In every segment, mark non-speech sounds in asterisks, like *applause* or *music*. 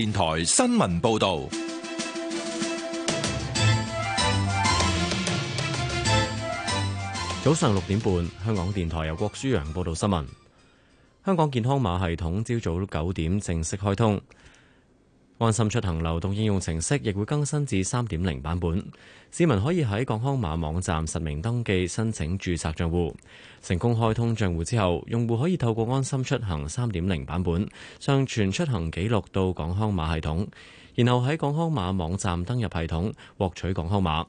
電台新聞報道。早上六點半，香港電台由郭舒揚報道新聞。香港健康碼系統朝早九點正式開通。安心出行流動應用程式亦會更新至三點零版本，市民可以喺港康碼網站實名登記申請註冊帳戶。成功開通帳戶之後，用戶可以透過安心出行三點零版本上傳出行記錄到港康碼系統，然後喺港康碼網站登入系統獲取港康碼。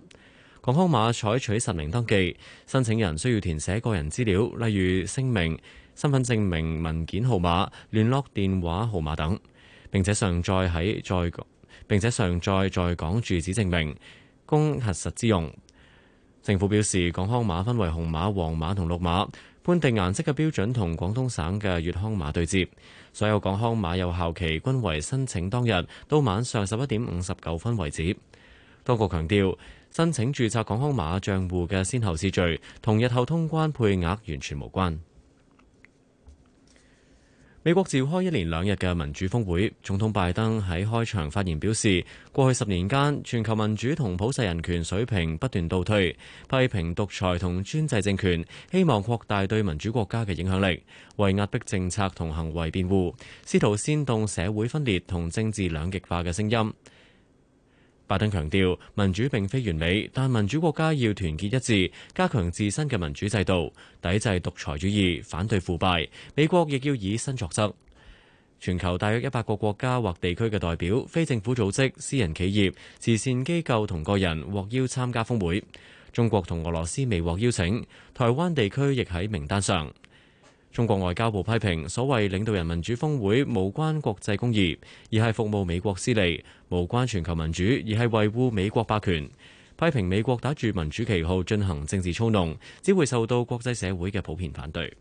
港康碼採取實名登記，申請人需要填寫個人資料，例如姓名、身份證明文件號碼、聯絡電話號碼等。並且上載喺在並且上載在港住址證明供核實之用。政府表示，港康碼分為紅碼、黃碼同綠碼，判定顏色嘅標準同廣東省嘅粵康碼對接。所有港康碼有效期均為申請當日到晚上十一點五十九分為止。多個強調，申請註冊港康碼賬戶嘅先後次序同日後通關配額完全無關。美國召開一連兩日嘅民主峰會，總統拜登喺開場發言表示，過去十年間，全球民主同普世人權水平不斷倒退，批評獨裁同專制政權，希望擴大對民主國家嘅影響力，為壓迫政策同行為辯護，試圖煽動社會分裂同政治兩極化嘅聲音。拜登強調，民主並非完美，但民主國家要團結一致，加強自身嘅民主制度，抵制獨裁主義，反對腐敗。美國亦要以身作則。全球大約一百個國家或地區嘅代表、非政府組織、私人企業、慈善機構同個人獲邀參加峰會，中國同俄羅斯未獲邀請，台灣地區亦喺名單上。中國外交部批評所謂領導人民主峰會無關國際公義，而係服務美國私利，無關全球民主，而係維護美國霸權。批評美國打住民主旗號進行政治操弄，只會受到國際社會嘅普遍反對。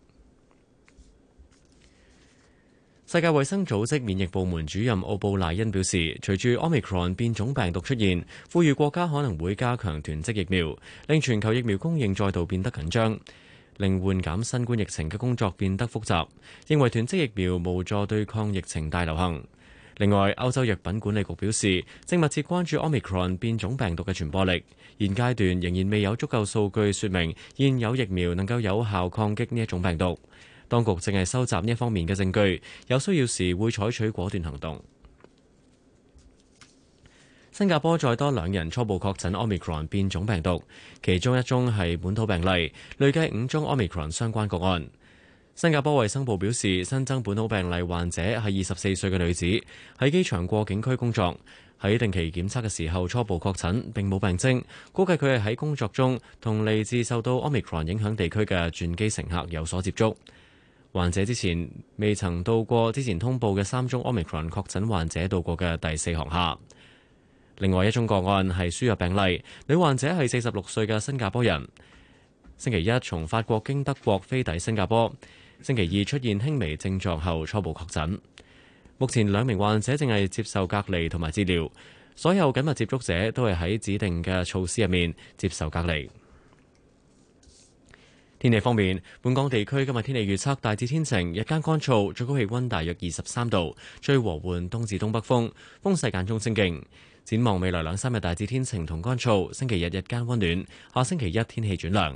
世界衛生組織免疫部門主任奧布賴恩表示，隨住 Omicron 變種病毒出現，富裕國家可能會加強囤積疫苗，令全球疫苗供應再度變得緊張。令緩減新冠疫情嘅工作變得複雜，認為囤積疫苗無助對抗疫情大流行。另外，歐洲藥品管理局表示，正密切關注 Omicron 變種病毒嘅傳播力。現階段仍然未有足夠數據説明現有疫苗能夠有效抗擊呢一種病毒。當局正係收集呢一方面嘅證據，有需要時會採取果斷行動。新加坡再多兩人初步確診 omicron 變種病毒，其中一宗係本土病例，累計五宗 omicron 相關個案。新加坡衛生部表示，新增本土病例患者係二十四歲嘅女子，喺機場過境區工作，喺定期檢測嘅時候初步確診並冇病徵。估計佢係喺工作中同嚟自受到 omicron 影響地區嘅轉機乘客有所接觸。患者之前未曾到過之前通報嘅三宗 omicron 確診患者到過嘅第四航廈。另外一宗個案係輸入病例，女患者係四十六歲嘅新加坡人。星期一從法國經德國飛抵新加坡，星期二出現輕微症狀後初步確診。目前兩名患者正係接受隔離同埋治療，所有緊密接觸者都係喺指定嘅措施入面接受隔離。天氣方面，本港地區今日天氣預測大致天晴，日間乾燥，最高氣温大約二十三度，最和緩東至東北風，風勢間中清勁。展望未來兩三日大致天晴同乾燥，星期日日間温暖，下星期一天氣轉涼。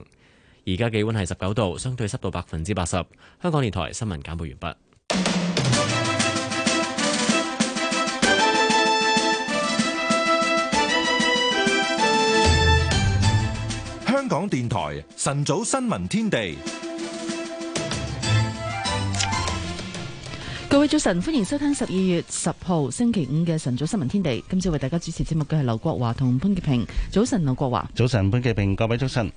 而家氣温係十九度，相對濕度百分之八十。香港電台新聞簡報完畢。香港電台晨早新聞天地。各位早晨，歡迎收聽十二月十號星期五嘅晨早新聞天地。今次為大家主持節目嘅係劉國華同潘潔平。早晨，劉國華。早晨，潘潔平。各位早晨。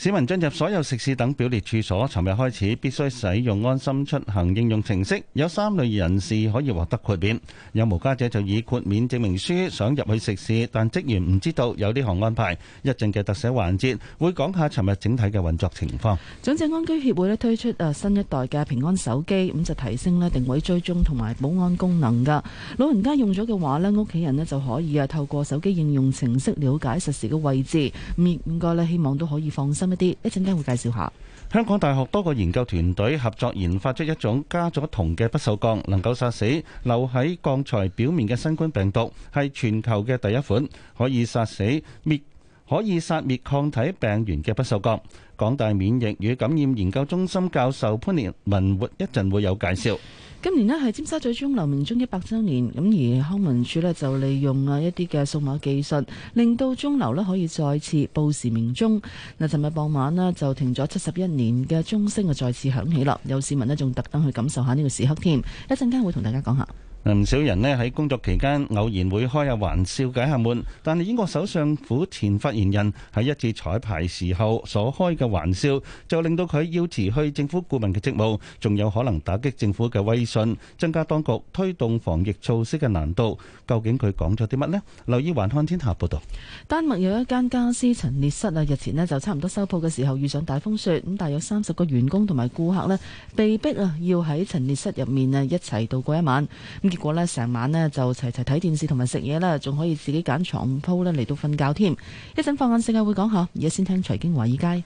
市民進入所有食肆等表列處所，尋日開始必須使用安心出行應用程式。有三類人士可以獲得豁免，有無家者就以豁免證明書想入去食肆，但職員唔知道有呢項安排。一陣嘅特寫環節會講下尋日整體嘅運作情況。長者安居協會呢推出誒新一代嘅平安手機，咁就提升咧定位追蹤同埋保安功能噶。老人家用咗嘅話呢，屋企人呢就可以啊透過手機應用程式了解實時嘅位置，咁應該呢希望都可以放心。一啲，一陣間會介紹下。香港大學多個研究團隊合作研發出一種加咗銅嘅不鏽鋼，能夠殺死留喺鋼材表面嘅新冠病毒，係全球嘅第一款可以殺死滅可以殺滅抗體病原嘅不鏽鋼。港大免疫與感染研究中心教授潘連文活，一陣會有介紹。今年咧係尖沙咀鐘樓鳴鐘一百周年，咁而康文署咧就利用啊一啲嘅數碼技術，令到鐘樓咧可以再次報時鳴鐘。嗱，尋日傍晚咧就停咗七十一年嘅鐘聲啊，再次響起啦，有市民咧仲特登去感受下呢個時刻添。一陣間會同大家講下。唔少人咧喺工作期間偶然會開下玩笑，解下悶，但係英國首相府前發言人喺一次彩排時候所開嘅玩笑，就令到佢要辭去政府顧問嘅職務，仲有可能打擊政府嘅威信，增加當局推動防疫措施嘅難度。究竟佢講咗啲乜呢？留意環看天下報道。丹麥有一間家私陳列室啊，日前咧就差唔多收鋪嘅時候遇上大風雪，咁大約三十個員工同埋顧客咧被逼啊要喺陳列室入面啊一齊度過一晚。結果咧，成晚咧就齊齊睇電視同埋食嘢啦，仲可以自己揀床鋪咧嚟到瞓覺添。一陣放眼世界會講下，而家先聽財經華爾街。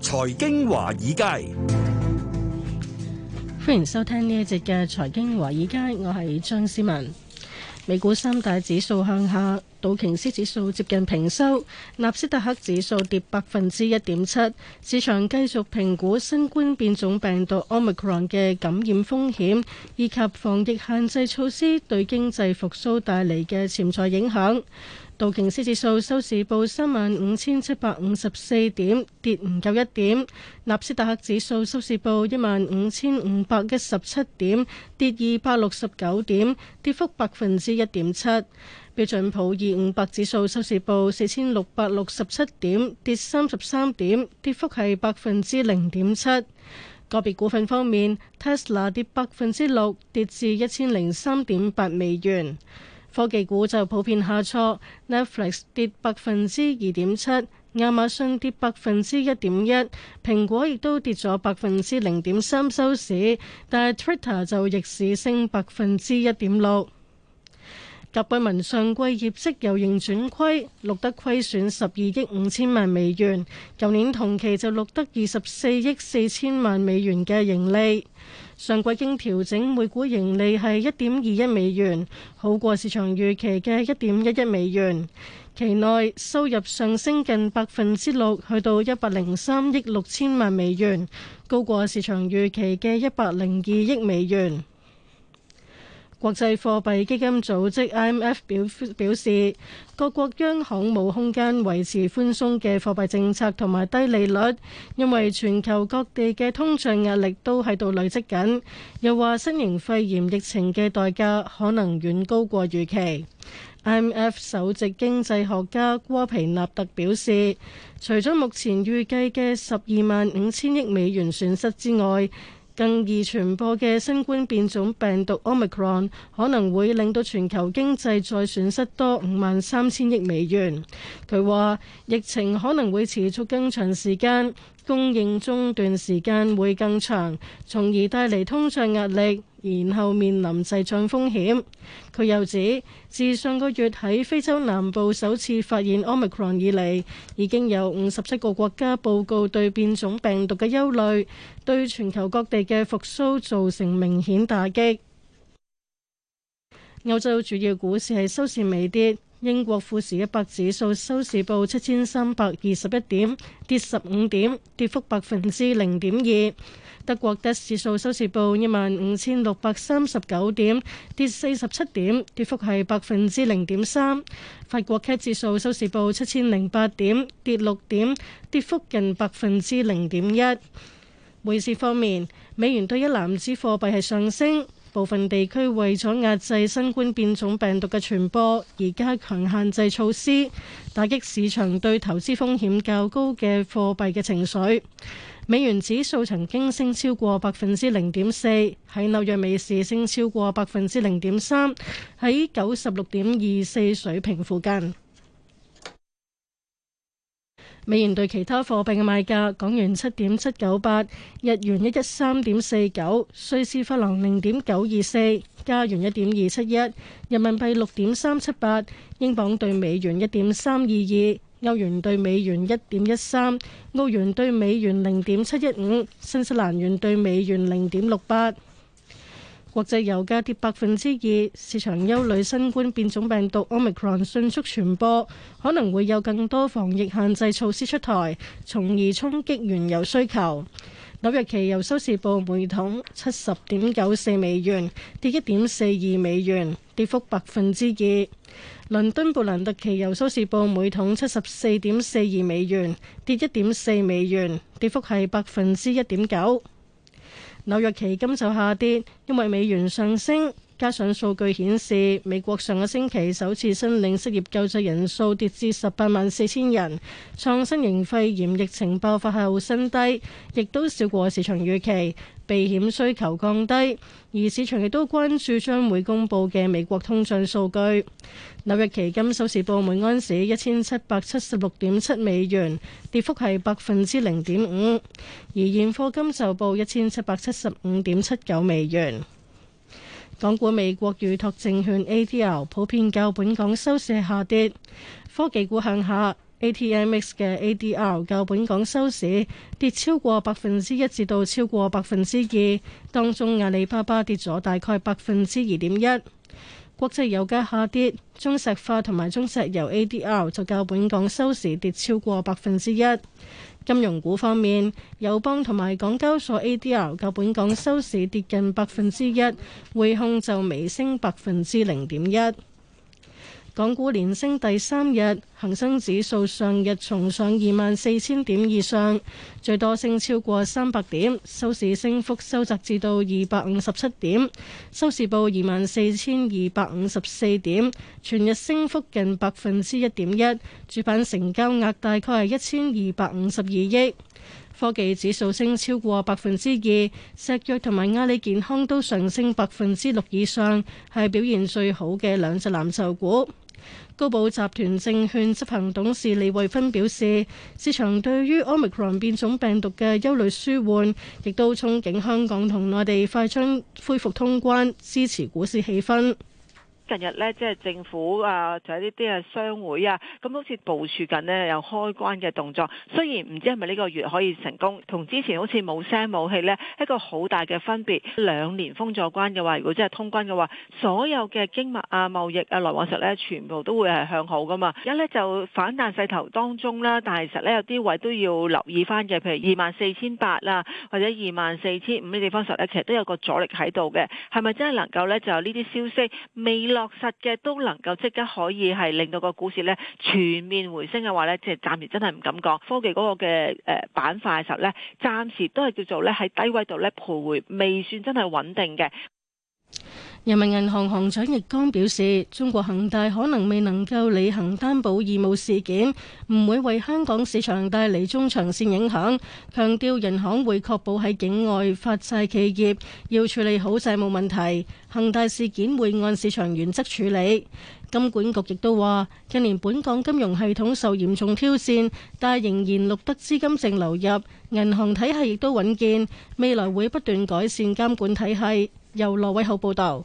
財經華爾街，街歡迎收聽呢一節嘅財經華爾街，我係張思文。美股三大指數向下。道瓊斯指數接近平收，納斯達克指數跌百分之一點七，市場繼續評估新冠變種病毒 Omicron 嘅感染風險，以及防疫限制措施對經濟復甦帶嚟嘅潛在影響。道瓊斯指數收市報三萬五千七百五十四點，跌唔夠一點；納斯達克指數收市報一萬五千五百一十七點，跌二百六十九點，跌幅百分之一點七。標準普爾五百指數收市報四千六百六十七點，跌三十三點，跌幅係百分之零點七。個別股份方面，Tesla 跌百分之六，跌至一千零三點八美元。科技股就普遍下挫，Netflix 跌百分之二點七，亞馬遜跌百分之一點一，蘋果亦都跌咗百分之零點三收市，但係 Twitter 就逆市升百分之一點六。甲骨文上季業績由盈轉虧，錄得虧損十二億五千萬美元，舊年同期就錄得二十四億四千萬美元嘅盈利。上季經調整每股盈利係一點二一美元，好過市場預期嘅一點一一美元。期內收入上升近百分之六，去到一百零三億六千萬美元，高過市場預期嘅一百零二億美元。國際貨幣基金組織 IMF 表表示，各國央行冇空間維持寬鬆嘅貨幣政策同埋低利率，因為全球各地嘅通脹壓力都喺度累積緊。又話新型肺炎疫情嘅代價可能遠高過預期。IMF 首席經濟學家瓜皮納特表示，除咗目前預計嘅十二萬五千億美元損失之外，更易傳播嘅新冠變種病毒 Omicron 可能會令到全球經濟再損失多五萬三千億美元。佢話疫情可能會持續更長時間，供應中斷時間會更長，從而帶嚟通脹壓力。然後面臨滯脹風險。佢又指，自上個月喺非洲南部首次發現 Omicron 以嚟，已經有五十七個國家報告對變種病毒嘅憂慮，對全球各地嘅復甦造成明顯打擊。歐洲主要股市係收市微跌，英國富時一百指數收市報七千三百二十一點，跌十五點，跌幅百分之零點二。德國德指數收市報一萬五千六百三十九點，跌四十七點，跌幅係百分之零點三。法國凱指數收市報七千零八點，跌六點，跌幅近百分之零點一。匯市方面，美元對一籃子貨幣係上升。部分地區為咗壓制新冠變種病毒嘅傳播而加強限制措施，打擊市場對投資風險較高嘅貨幣嘅情緒。美元指數曾經升超過百分之零點四，喺紐約美市升超過百分之零點三，喺九十六點二四水平附近。美元對其他貨幣嘅買價：港元七點七九八，日元一一三點四九，瑞士法郎零點九二四，加元一點二七一，人民幣六點三七八，英鎊對美元一點三二二。歐元兌美元一點一三，澳元兌美元零點七一五，新西蘭元兌美元零點六八。國際油價跌百分之二，市場憂慮新冠變種病毒 Omicron 迅速傳播，可能會有更多防疫限制措施出台，從而衝擊原油需求。紐約期油收市報每桶七十點九四美元，跌一點四二美元，跌幅百分之二。倫敦布蘭特期油收市報每桶七十四點四二美元，跌一點四美元，跌幅係百分之一點九。紐約期金就下跌，因為美元上升，加上數據顯示美國上個星期首次申領失業救濟人數跌至十八萬四千人，創新型肺炎疫情爆發後新低，亦都少過市場預期。避險需求降低，而市場亦都關注將會公佈嘅美國通脹數據。紐約期金收市報每安士一千七百七十六點七美元，跌幅係百分之零點五；而現貨金就報一千七百七十五點七九美元。港股美國預託證券 ADR 普遍較本港收市下跌，科技股向下。ATMX 嘅 ADR 較本港收市跌超過百分之一至到超過百分之二，當中阿里巴巴跌咗大概百分之二點一。國際油價下跌，中石化同埋中石油 ADR 就較本港收市跌超過百分之一。金融股方面，友邦同埋港交所 ADR 較本港收市跌近百分之一，匯控就微升百分之零點一。港股連升第三日，恒生指數上日重上二萬四千點以上，最多升超過三百點，收市升幅收窄至到二百五十七點，收市報二萬四千二百五十四點，全日升幅近百分之一點一，主板成交額大概係一千二百五十二億。科技指數升超過百分之二，石藥同埋阿里健康都上升百分之六以上，係表現最好嘅兩隻藍籌股。高寶集團證券執行董事李慧芬表示，市場對於 Omicron 變種病毒嘅憂慮舒緩，亦都憧憬香港同內地快將恢復通關，支持股市氣氛。近日咧，即係政府啊，仲有呢啲嘅商會啊，咁好似部署緊呢，有開關嘅動作。雖然唔知係咪呢個月可以成功，同之前好似冇聲冇氣呢，一個好大嘅分別。兩年封咗關嘅話，如果真係通關嘅話，所有嘅經貿啊、貿易啊來往實呢，全部都會係向好㗎嘛。而家咧就反彈勢頭當中啦，但係實呢，有啲位都要留意返嘅，譬如二萬四千八啦，或者二萬四千五呢啲地方實呢，其實都有個阻力喺度嘅。係咪真係能夠呢？就呢啲消息未來？落實嘅都能夠即刻可以係令到個股市呢，全面回升嘅話呢，即係暫時真係唔敢講科技嗰個嘅誒、呃、板塊嘅時候呢，暫時都係叫做呢，喺低位度呢徘徊，未算真係穩定嘅。人民銀行行長易綱表示，中國恒大可能未能夠履行擔保義務事件，唔會為香港市場帶嚟中長線影響。強調銀行會確保喺境外發債企業要處理好債務問題。恒大事件會按市場原則處理。金管局亦都話，近年本港金融系統受嚴重挑戰，但係仍然錄得資金淨流入，銀行體系亦都穩健，未來會不斷改善監管體系。由羅偉浩報道。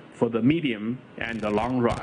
For the medium and the long run，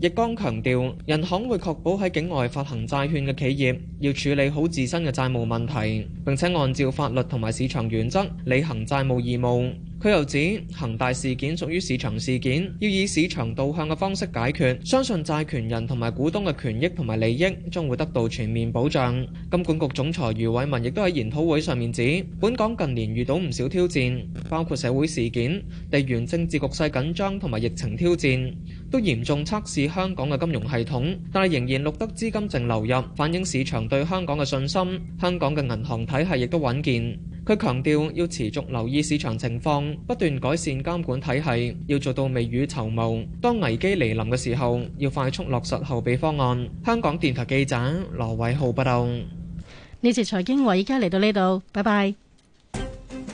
易綱強調，人行會確保喺境外發行債券嘅企業要處理好自身嘅債務問題，並且按照法律同埋市場原則履行債務義務。佢又指恒大事件屬於市場事件，要以市場導向嘅方式解決，相信債權人同埋股東嘅權益同埋利益將會得到全面保障。金管局總裁余偉文亦都喺研討會上面指，本港近年遇到唔少挑戰，包括社會事件、地緣政治局勢緊張同埋疫情挑戰都嚴重測試香港嘅金融系統，但係仍然錄得資金淨流入，反映市場對香港嘅信心。香港嘅銀行體系亦都穩健。佢強調要持續留意市場情況，不斷改善監管體系，要做到未雨綢繆。當危機嚟臨嘅時候，要快速落實後備方案。香港電台記者羅偉浩報道。呢節財經話，而家嚟到呢度，拜拜。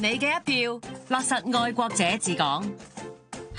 你嘅一票，落實愛國者治港。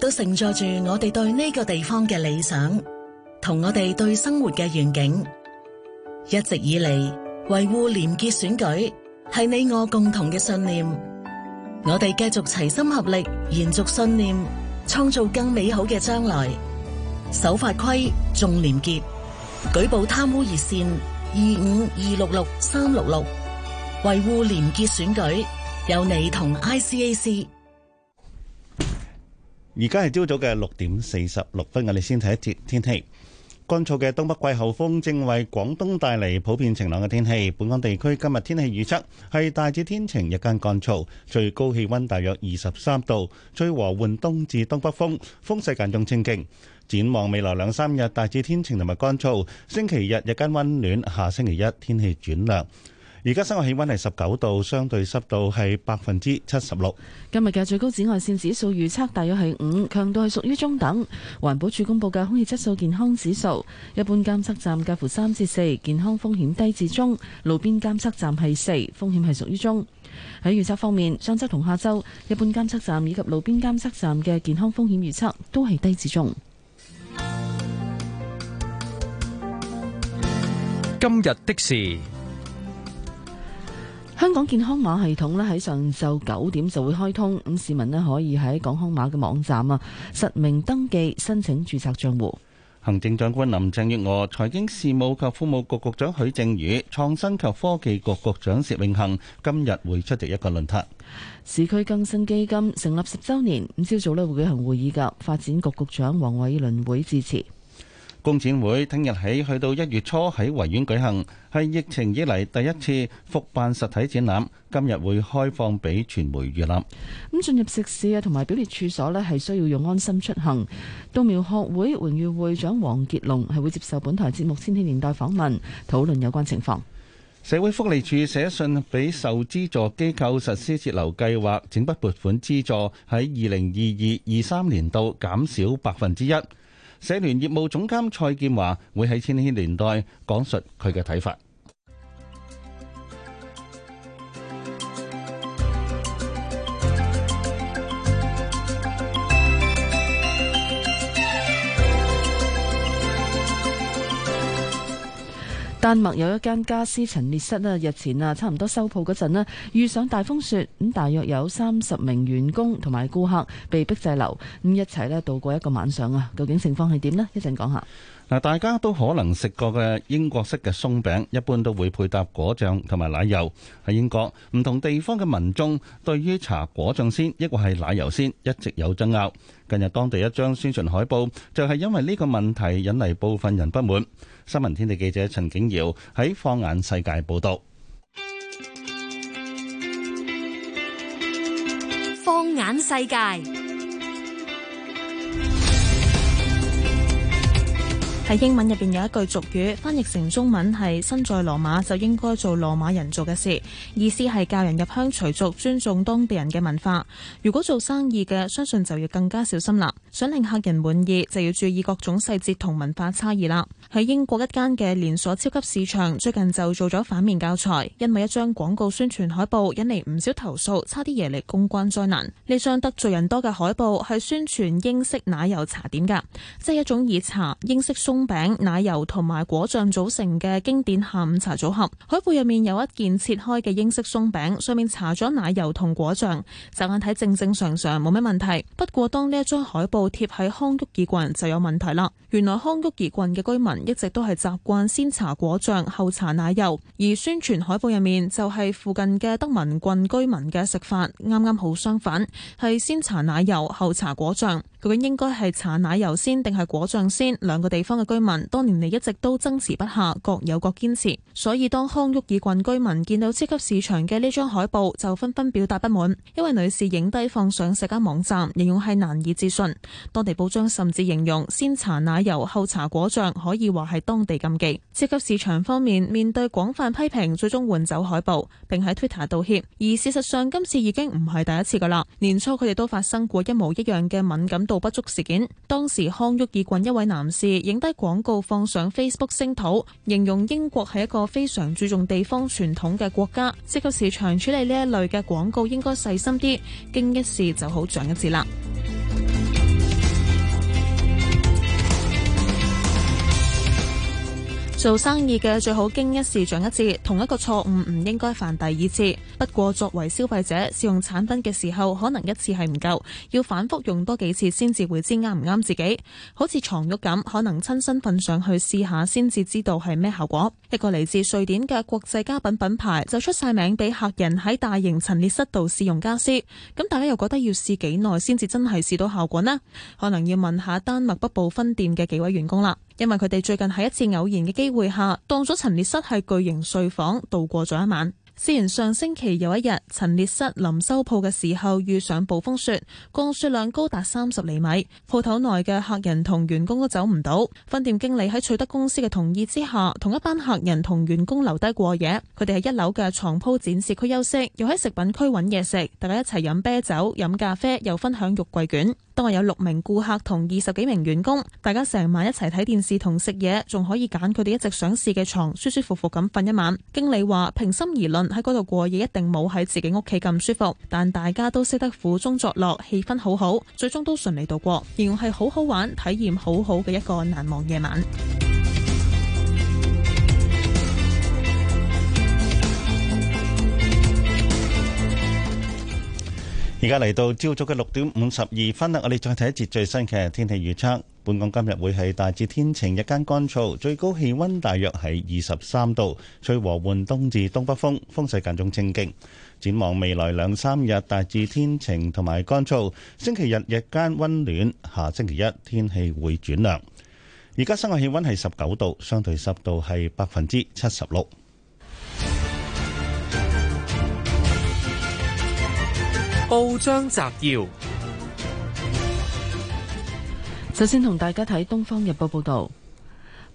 都承載住我哋對呢個地方嘅理想，同我哋對生活嘅願景。一直以嚟，維護廉潔選舉係你我共同嘅信念。我哋繼續齊心合力，延續信念，創造更美好嘅將來。守法規，重廉潔，舉報貪污熱線二五二六六三六六，維護廉潔選舉，有你同 ICAC。而家係朝早嘅六點四十六分，我哋先睇一節天氣。乾燥嘅東北季候風正為廣東帶嚟普遍晴朗嘅天氣。本港地區今日天氣預測係大致天晴，日間乾燥，最高氣溫大約二十三度，吹和緩東至東北風，風勢間中清勁。展望未來兩三日大致天晴同埋乾燥，星期日日間溫暖，下星期一天氣轉涼。而家室外氣溫係十九度，相對濕度係百分之七十六。今日嘅最高紫外線指數預測大約係五，強度係屬於中等。環保署公布嘅空氣質素健康指數，一般監測站介乎三至四，健康風險低至中；路邊監測站係四，風險係屬於中。喺預測方面，上晝同下晝，一般監測站以及路邊監測站嘅健康風險預測都係低至中。今日的事。香港健康碼系統咧喺上晝九點就會開通，咁市民咧可以喺港康碼嘅網站啊實名登記，申請注冊賬戶。行政長官林鄭月娥、財經事務及庫務局局，局，局長許正宇、創新及科技局局長薛永恒今日會出席一個論壇。市區更新基金成立十周年，咁朝早咧會舉行會議，及發展局局長黃偉綸會致辭。工展會聽日起去到一月初喺維園舉行，係疫情以嚟第一次復辦實體展覽。今日會開放俾傳媒閱覽。咁進入食肆啊，同埋表列處所咧，係需要用安心出行。稻苗學會榮譽會長黃傑龍係會接受本台節目《千禧年代》訪問，討論有關情況。社會福利署寫信俾受資助機構實施節流計劃，整筆撥款資助喺二零二二二三年度減少百分之一。社聯業務總監蔡建華會喺千禧年代講述佢嘅睇法。丹麥有一間傢俬陳列室咧，日前啊，差唔多收鋪嗰陣咧遇上大風雪，咁大約有三十名員工同埋顧客被逼滯留，咁一齊咧度過一個晚上啊。究竟情況係點呢？一陣講下。嗱，大家都可能食過嘅英國式嘅鬆餅，一般都會配搭果醬同埋奶油。喺英國，唔同地方嘅民眾對於搽果醬先，抑或係奶油先，一直有爭拗。近日當地一張宣傳海報就係因為呢個問題引嚟部分人不滿。新聞天地記者陳景堯喺放眼世界報道。放眼世界。報喺英文入邊有一句俗語，翻譯成中文係身在羅馬就應該做羅馬人做嘅事，意思係教人入鄉隨俗，尊重當地人嘅文化。如果做生意嘅，相信就要更加小心啦。想令客人滿意，就要注意各種細節同文化差異啦。喺英國一間嘅連鎖超級市場，最近就做咗反面教材，因為一張廣告宣傳海報引嚟唔少投訴，差啲惹嚟公關災難。呢張得罪人多嘅海報係宣傳英式奶油茶點㗎，即係一種以茶，英式酥。鬆餅、奶油同埋果醬組成嘅經典下午茶組合。海報入面有一件切開嘅英式鬆餅，上面搽咗奶油同果醬，乍眼睇正正常常冇咩問題。不過當呢一張海報貼喺康沃爾郡就有問題啦。原來康沃爾郡嘅居民一直都係習慣先搽果醬後搽奶油，而宣傳海報入面就係附近嘅德文郡居民嘅食法，啱啱好相反，係先搽奶油後搽果醬。究竟應該係搽奶油先定係果醬先？兩個地方嘅居民多年嚟一直都爭持不下，各有各堅持。所以當康沃爾郡居民見到超級市場嘅呢張海報，就紛紛表達不滿。一位女士影低放上社交網站，形容係難以置信。當地報章甚至形容先搽奶油後搽果醬可以話係當地禁忌。超級市場方面面對廣泛批評，最終換走海報並喺 Twitter 道歉。而事實上今次已經唔係第一次㗎啦。年初佢哋都發生過一模一樣嘅敏感不足事件，當時康沃爾郡一位男士影低廣告放上 Facebook 聲討，形容英國係一個非常注重地方傳統嘅國家，即個市場處理呢一類嘅廣告應該細心啲，經一事就好長一智啦。做生意嘅最好經一事長一智，同一個錯誤唔應該犯第二次。不過作為消費者試用產品嘅時候，可能一次係唔夠，要反覆用多幾次先至會知啱唔啱自己。好似牀褥咁，可能親身瞓上去試下先至知道係咩效果。一個嚟自瑞典嘅國際家品品牌就出晒名俾客人喺大型陳列室度試用家私。咁大家又覺得要試幾耐先至真係試到效果呢？可能要問下丹麥北部分店嘅幾位員工啦。因為佢哋最近喺一次偶然嘅機會下，當咗陳列室係巨型睡房度過咗一晚。事緣上星期有一日陳列室臨收鋪嘅時候遇上暴風雪，降雪量高達三十厘米，鋪頭內嘅客人同員工都走唔到。分店經理喺取得公司嘅同意之下，同一班客人同員工留低過夜。佢哋喺一樓嘅床鋪展示區休息，又喺食品區揾嘢食，大家一齊飲啤酒、飲咖啡，又分享肉桂卷。都日有六名顧客同二十幾名員工，大家成晚一齊睇電視同食嘢，仲可以揀佢哋一直想試嘅床，舒舒服服咁瞓一晚。經理話，平心而論喺嗰度過夜一定冇喺自己屋企咁舒服，但大家都識得苦中作樂，氣氛好好，最終都順利度過，而係好好玩，體驗好好嘅一個難忘夜晚。而家嚟到朝早嘅六點五十二分啦，我哋再睇一節最新嘅天氣預測。本港今日會係大致天晴，日間乾燥，最高氣溫大約係二十三度，吹和緩東至東北風，風勢間中清勁。展望未來兩三日大致天晴同埋乾燥，星期日日間溫暖，下星期一天氣會轉涼。而家室外氣溫係十九度，相對濕度係百分之七十六。報章摘要，首先同大家睇《東方日報》報道，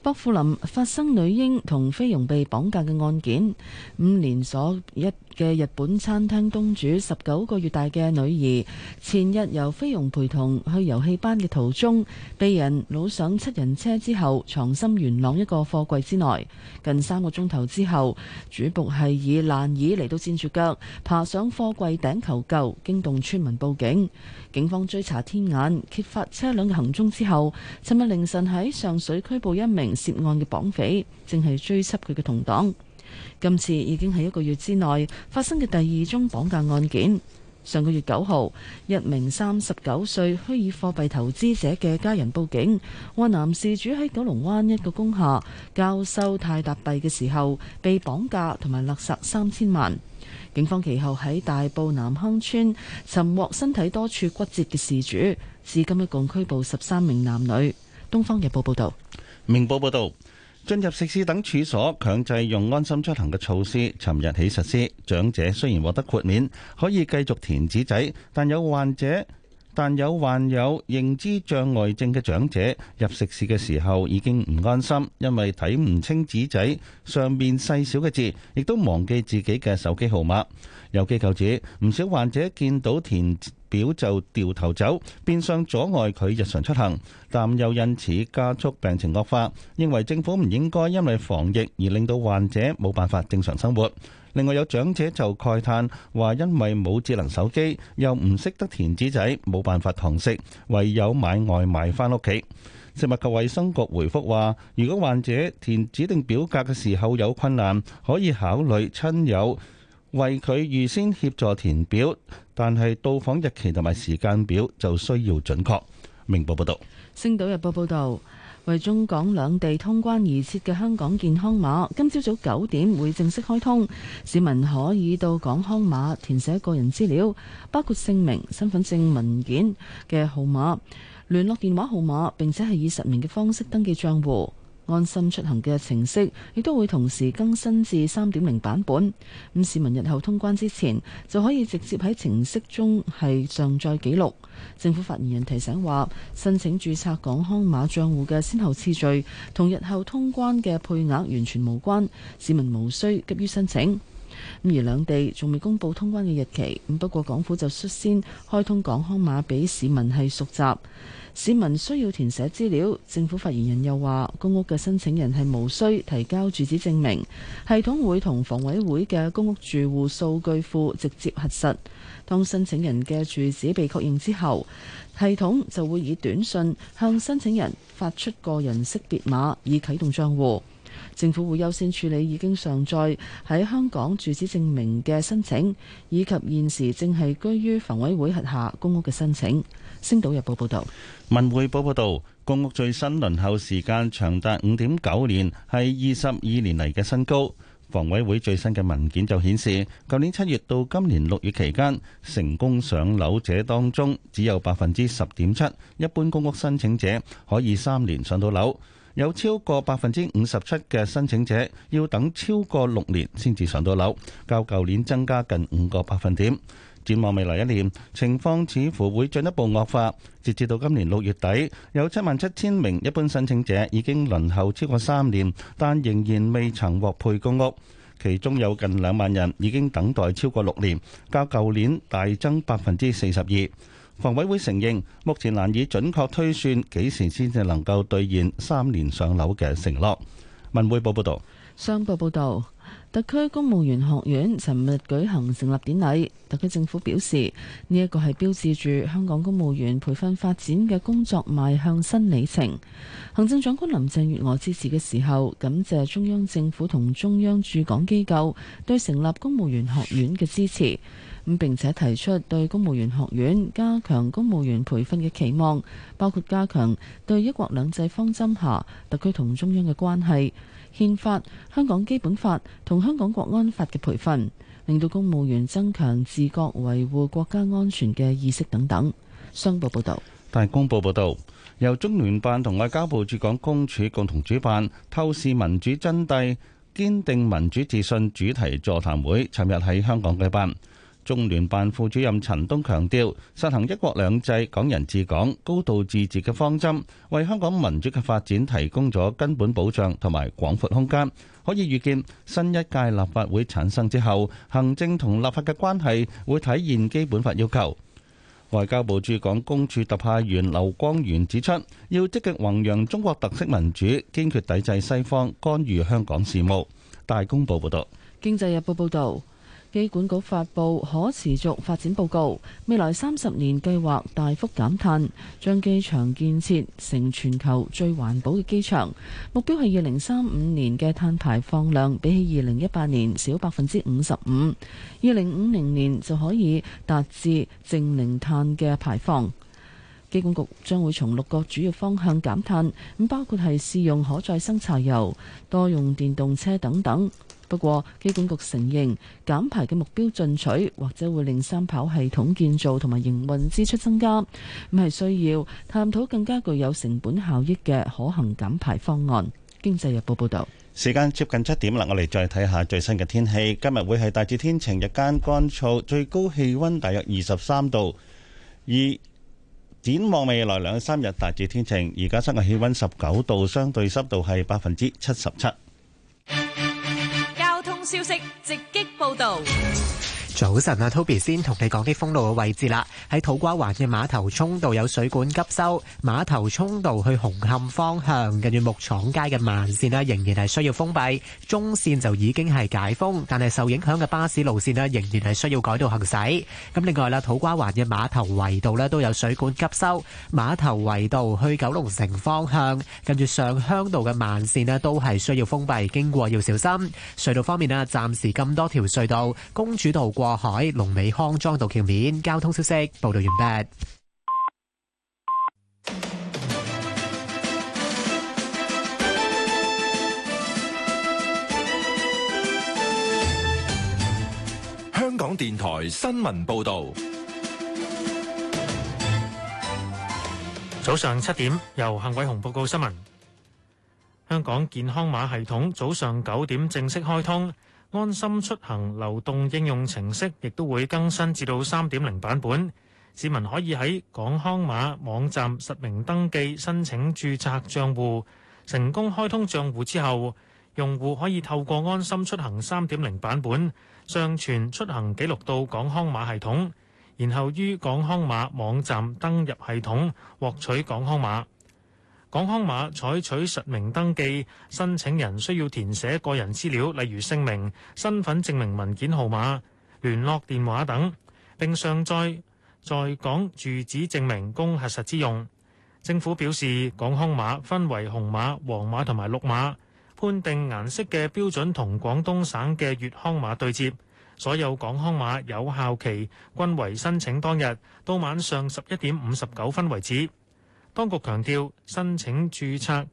北富林發生女嬰同菲傭被綁架嘅案件，五連鎖一嘅日本餐廳東主十九個月大嘅女兒，前日由菲傭陪同去遊戲班嘅途中，被人擄上七人車之後，藏身元朗一個貨櫃之內，近三個鐘頭之後，主僕係以爛椅嚟到纏住腳，爬上貨櫃頂求救，驚動村民報警。警方追查天眼揭發車輛嘅行蹤之後，尋日凌晨喺上水拘捕一名涉案嘅綁匪，正係追緝佢嘅同黨。今次已經係一個月之內發生嘅第二宗綁架案件。上個月九號，一名三十九歲虛擬貨幣投資者嘅家人報警，話男事主喺九龍灣一個工廈交收泰達幣嘅時候被綁架，同埋勒索三千萬。警方其後喺大埔南坑村尋獲身體多處骨折嘅事主，至今一共拘捕十三名男女。《東方日報》報道。《明報》報道。進入食肆等處所，強制用安心出行嘅措施，尋日起實施。長者雖然獲得豁免，可以繼續填紙仔，但有患者，但有患有認知障礙症嘅長者，入食肆嘅時候已經唔安心，因為睇唔清紙仔，上面細小嘅字，亦都忘記自己嘅手機號碼。有機構指，唔少患者見到填表就掉頭走，變相阻礙佢日常出行，但又因此加速病情惡化，認為政府唔應該因為防疫而令到患者冇辦法正常生活。另外有長者就慨嘆話，因為冇智能手機，又唔識得填紙仔，冇辦法堂食，唯有買外賣翻屋企。食物及衛生局回覆話，如果患者填指定表格嘅時候有困難，可以考慮親友。為佢預先協助填表，但係到訪日期同埋時間表就需要準確。明報報道，星島日報報道，為中港兩地通關而設嘅香港健康碼，今朝早九點會正式開通，市民可以到港康碼填寫個人資料，包括姓名、身份證文件嘅號碼、聯絡電話號碼，並且係以實名嘅方式登記賬戶。安心出行嘅程式亦都會同時更新至三點零版本。咁市民日後通關之前就可以直接喺程式中係上載記錄。政府發言人提醒話：申請註冊港康碼賬戶嘅先後次序同日後通關嘅配額完全無關，市民無需急於申請。咁而兩地仲未公布通關嘅日期，咁不過港府就率先開通港康碼俾市民係熟習。市民需要填寫資料，政府發言人又話公屋嘅申請人係無需提交住址證明，系統會同房委會嘅公屋住戶數據庫直接核實。當申請人嘅住址被確認之後，系統就會以短信向申請人發出個人識別碼以啟動賬戶。政府會優先處理已經上載喺香港住址證明嘅申請，以及現時正係居於房委會轄下公屋嘅申請。星島日報報道，文匯報報道，公屋最新輪候時間長達五點九年，係二十二年嚟嘅新高。房委會最新嘅文件就顯示，舊年七月到今年六月期間，成功上樓者當中只有百分之十點七。一般公屋申請者可以三年上到樓。有超過百分之五十七嘅申請者要等超過六年先至上到樓，較舊年增加近五個百分點。展望未來一年，情況似乎會進一步惡化。截至到今年六月底，有七萬七千名一般申請者已經輪候超過三年，但仍然未曾獲配公屋，其中有近兩萬人已經等待超過六年，較舊年大增百分之四十二。房委會承認，目前難以準確推算幾時先至能夠兌現三年上樓嘅承諾。文匯報報道。商報報道，特區公務員學院尋日舉行成立典禮，特區政府表示呢一個係標誌住香港公務員培訓發展嘅工作邁向新里程。行政長官林鄭月娥致辭嘅時候，感謝中央政府同中央駐港機構對成立公務員學院嘅支持。並且提出對公務員學院加強公務員培訓嘅期望，包括加強對一國兩制方針下特區同中央嘅關係、憲法、香港基本法同香港國安法嘅培訓，令到公務員增強自覺維護國家安全嘅意識等等。商報報道，大公報報道，由中聯辦同外交部駐港公署共同主辦《透視民主真諦，堅定民主自信》主題座談會，尋日喺香港舉辦。中聯辦副主任陳東強調，實行一國兩制，港人治港、高度自治嘅方針，為香港民主嘅發展提供咗根本保障同埋廣闊空間。可以預見，新一屆立法會產生之後，行政同立法嘅關係會體現基本法要求。外交部駐港公署特派員劉光源指出，要積極弘揚中國特色民主，堅決抵制西方干預香港事務。大公報報道，《經濟日報》報道。機管局發布可持續發展報告，未來三十年計劃大幅減碳，將機場建設成全球最環保嘅機場。目標係二零三五年嘅碳排放量比起二零一八年少百分之五十五，二零五零年就可以達至淨零碳嘅排放。機管局將會從六個主要方向減碳，咁包括係試用可再生柴油、多用電動車等等。不過，機管局承認減排嘅目標進取，或者會令三跑系統建造同埋營運支出增加，咁係需要探討更加具有成本效益嘅可行減排方案。經濟日報報道，時間接近七點啦，我哋再睇下最新嘅天氣。今日會係大致天晴，日間乾燥，最高氣温大約二十三度。而展望未來兩三日，大致天晴。而家室外氣温十九度，相對濕度係百分之七十七。消息直擊報導。早晨啊，Toby 先同你講啲封路嘅位置啦。喺土瓜灣嘅馬頭涌道有水管急收，馬頭涌道去紅磡方向，近住木廠街嘅慢線呢，仍然係需要封閉。中線就已經係解封，但係受影響嘅巴士路線呢，仍然係需要改道行駛。咁另外啦，土瓜灣嘅馬頭圍道呢都有水管急收，馬頭圍道去九龍城方向，近住上鄉道嘅慢線呢都係需要封閉，經過要小心。隧道方面呢，暫時咁多條隧道，公主道過。過海龍尾康莊道橋面交通消息報道完畢。香港電台新聞報道，早上七點由幸偉雄報告新聞。香港健康碼系統早上九點正式開通。安心出行流動應用程式亦都會更新至到三點零版本，市民可以喺港康碼網站實名登記申請注冊賬戶，成功開通賬戶之後，用戶可以透過安心出行三點零版本上傳出行記錄到港康碼系統，然後於港康碼網站登入系統獲取港康碼。港康碼採取實名登記，申請人需要填寫個人資料，例如姓名、身份證明文件號碼、聯絡電話等，並上載在港住址證明供核實之用。政府表示，港康碼分為紅碼、黃碼同埋綠碼，判定顏色嘅標準同廣東省嘅粵康碼對接。所有港康碼有效期均為申請當日到晚上十一點五十九分為止。當局強調，申請註冊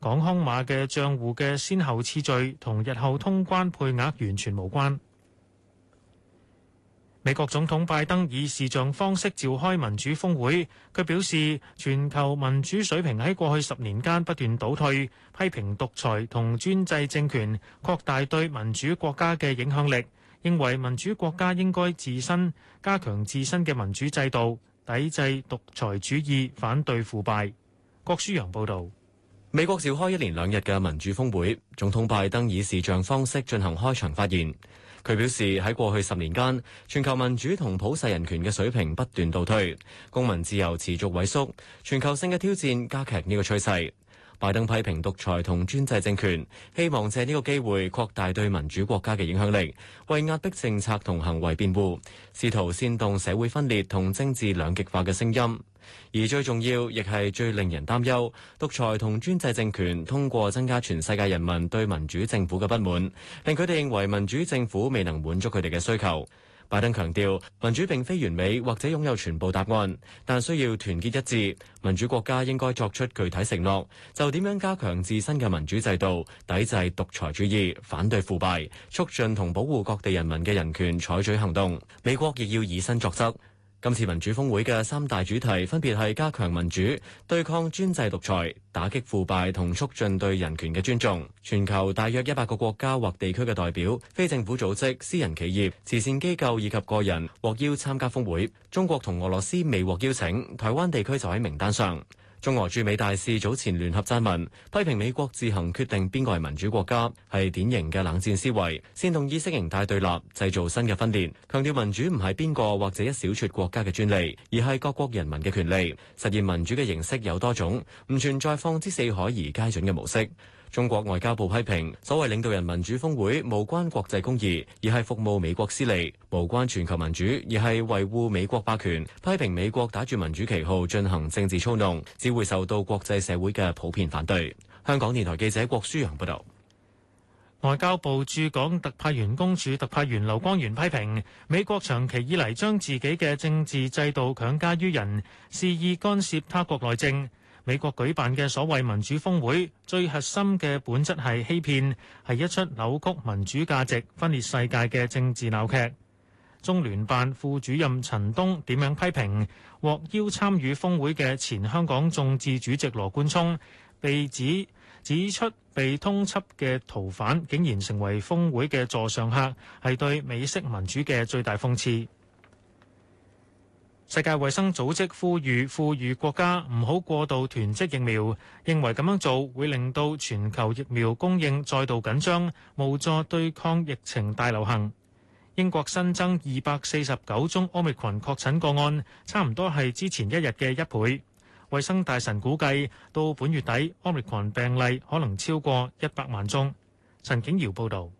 港康碼嘅帳戶嘅先後次序同日後通關配額完全無關。美國總統拜登以視像方式召開民主峰會，佢表示全球民主水平喺過去十年間不斷倒退，批評獨裁同專制政權擴大對民主國家嘅影響力，認為民主國家應該自身加強自身嘅民主制度。抵制獨裁主義，反對腐敗。郭舒揚報導，美國召開一連兩日嘅民主峰會，總統拜登以視像方式進行開場發言。佢表示喺過去十年間，全球民主同普世人權嘅水平不斷倒退，公民自由持續萎縮，全球性嘅挑戰加劇呢個趨勢。拜登批評獨裁同專制政權，希望借呢個機會擴大對民主國家嘅影響力，為壓迫政策同行為辯護，試圖煽動社會分裂同政治兩極化嘅聲音。而最重要，亦係最令人擔憂，獨裁同專制政權通過增加全世界人民對民主政府嘅不滿，令佢哋認為民主政府未能滿足佢哋嘅需求。拜登強調，民主並非完美或者擁有全部答案，但需要團結一致。民主國家應該作出具體承諾，就點樣加強自身嘅民主制度，抵制獨裁主義，反對腐敗，促進同保護各地人民嘅人權採取行動。美國亦要以身作則。今次民主峰會嘅三大主題分別係加強民主、對抗專制獨裁、打擊腐敗同促進對人權嘅尊重。全球大約一百個國家或地區嘅代表、非政府組織、私人企業、慈善機構以及個人獲邀參加峰會。中國同俄羅斯未獲邀請，台灣地區就喺名單上。中俄駐美大使早前聯合撰文，批評美國自行決定邊個係民主國家，係典型嘅冷戰思維煽動，意識形態對立，製造新嘅分裂。強調民主唔係邊個或者一小撮國家嘅專利，而係各國人民嘅權利。實現民主嘅形式有多種，唔存在放之四海而皆準嘅模式。中國外交部批評所謂領導人民主峰會無關國際公義，而係服務美國私利，無關全球民主，而係維護美國霸權。批評美國打住民主旗號進行政治操弄，只會受到國際社會嘅普遍反對。香港電台記者郭舒揚報道，外交部駐港特派員公署特派員劉光源批評美國長期以嚟將自己嘅政治制度強加於人，肆意干涉他國內政。美國舉辦嘅所謂民主峰會，最核心嘅本質係欺騙，係一出扭曲民主價值、分裂世界嘅政治鬧劇。中聯辦副主任陳東點樣批評獲邀參與峰會嘅前香港眾志主席羅冠聰，被指指出被通緝嘅逃犯竟然成為峰會嘅座上客，係對美式民主嘅最大諷刺。世界衛生組織呼籲富裕國家唔好過度囤積疫苗，認為咁樣做會令到全球疫苗供應再度緊張，無助對抗疫情大流行。英國新增二百四十九宗 Omicron 確診個案，差唔多係之前一日嘅一倍。衛生大臣估計，到本月底，Omicron 病例可能超過一百萬宗。陳景堯報導。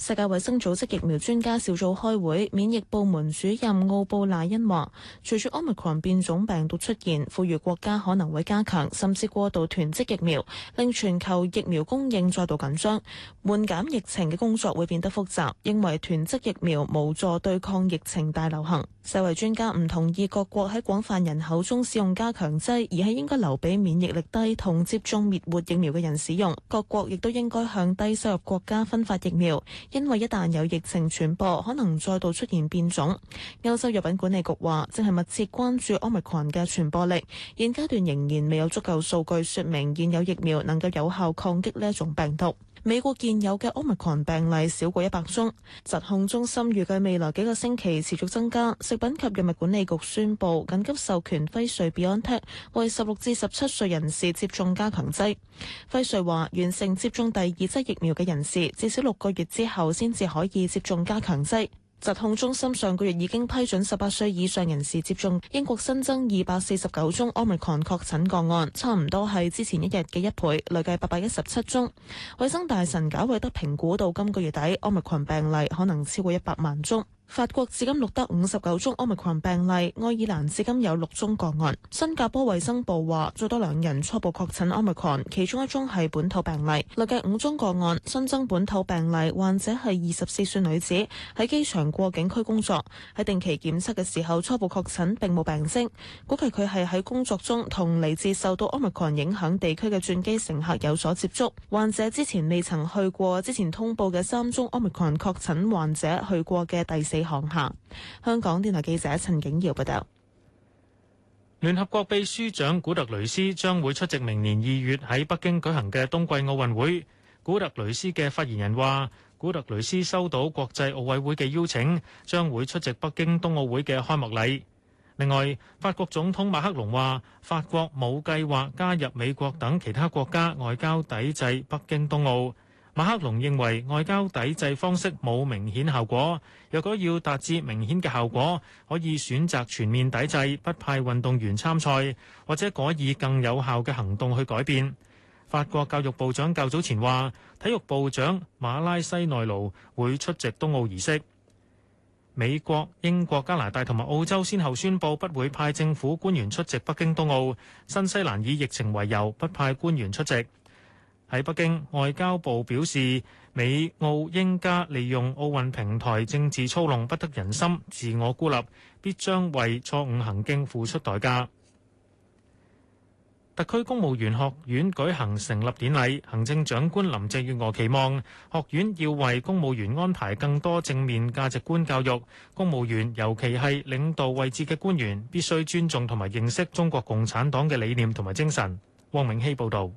世界衛生組織疫苗專家小組開會，免疫部門主任奧布萊恩話：隨住 Omicron 變種病毒出現，富裕國家可能會加強甚至過度囤積疫苗，令全球疫苗供應再度緊張。緩減疫情嘅工作會變得複雜，認為囤積疫苗無助對抗疫情大流行。世衛專家唔同意各國喺廣泛人口中使用加強劑，而係應該留俾免疫力低同接種滅活疫苗嘅人使用。各國亦都應該向低收入國家分發疫苗，因為一旦有疫情傳播，可能再度出現變種。歐洲藥品管理局話，正係密切關注 Omicron 嘅傳播力，現階段仍然未有足夠數據說明現有疫苗能夠有效抗擊呢一種病毒。美國現有嘅奧密克戎病例少過一百宗，疾控中心預計未來幾個星期持續增加。食品及藥物管理局宣布緊急授權輝瑞 BioNTech 為十六至十七歲人士接種加強劑。輝瑞話，完成接種第二劑疫苗嘅人士至少六個月之後先至可以接種加強劑。疾控中心上個月已經批准十八歲以上人士接種。英國新增二百四十九宗安 m i c r o 確診個案，差唔多係之前一日嘅一倍，累計八百一十七宗。衛生大臣賈惠德評估到今個月底安 m i 病例可能超過一百萬宗。法國至今錄得五十九宗 Omicron 病例，愛爾蘭至今有六宗個案。新加坡衛生部話，最多兩人初步確診 Omicron，其中一宗係本土病例，累計五宗個案，新增本土病例患者係二十四歲女子，喺機場過境區工作，喺定期檢測嘅時候初步確診，並冇病徵，估計佢係喺工作中同嚟自受到 Omicron 影響地區嘅轉機乘客有所接觸。患者之前未曾去過之前通報嘅三宗 Omicron 確診患者去過嘅第四。底下，香港電台記者陳景瑤報道。聯合國秘書長古特雷斯將會出席明年二月喺北京舉行嘅冬季奧運會。古特雷斯嘅發言人話，古特雷斯收到國際奧委會嘅邀請，將會出席北京冬奧會嘅開幕禮。另外，法國總統馬克龍話，法國冇計劃加入美國等其他國家外交抵制北京冬奧。馬克龍認為外交抵制方式冇明顯效果，若果要達至明顯嘅效果，可以選擇全面抵制，不派運動員參賽，或者改以更有效嘅行動去改變。法國教育部長較早前話，體育部長馬拉西內盧會出席冬奧儀式。美國、英國、加拿大同埋澳洲先後宣布不會派政府官員出席北京冬奧，新西蘭以疫情為由不派官員出席。喺北京，外交部表示，美、澳、英、加利用奧運平台政治操弄、不得人心、自我孤立，必將為錯誤行徑付出代價。特區公務員學院舉行成立典禮，行政長官林鄭月娥期望學院要為公務員安排更多正面價值觀教育，公務員，尤其係領導位置嘅官員必須尊重同埋認識中國共產黨嘅理念同埋精神。汪明希報道。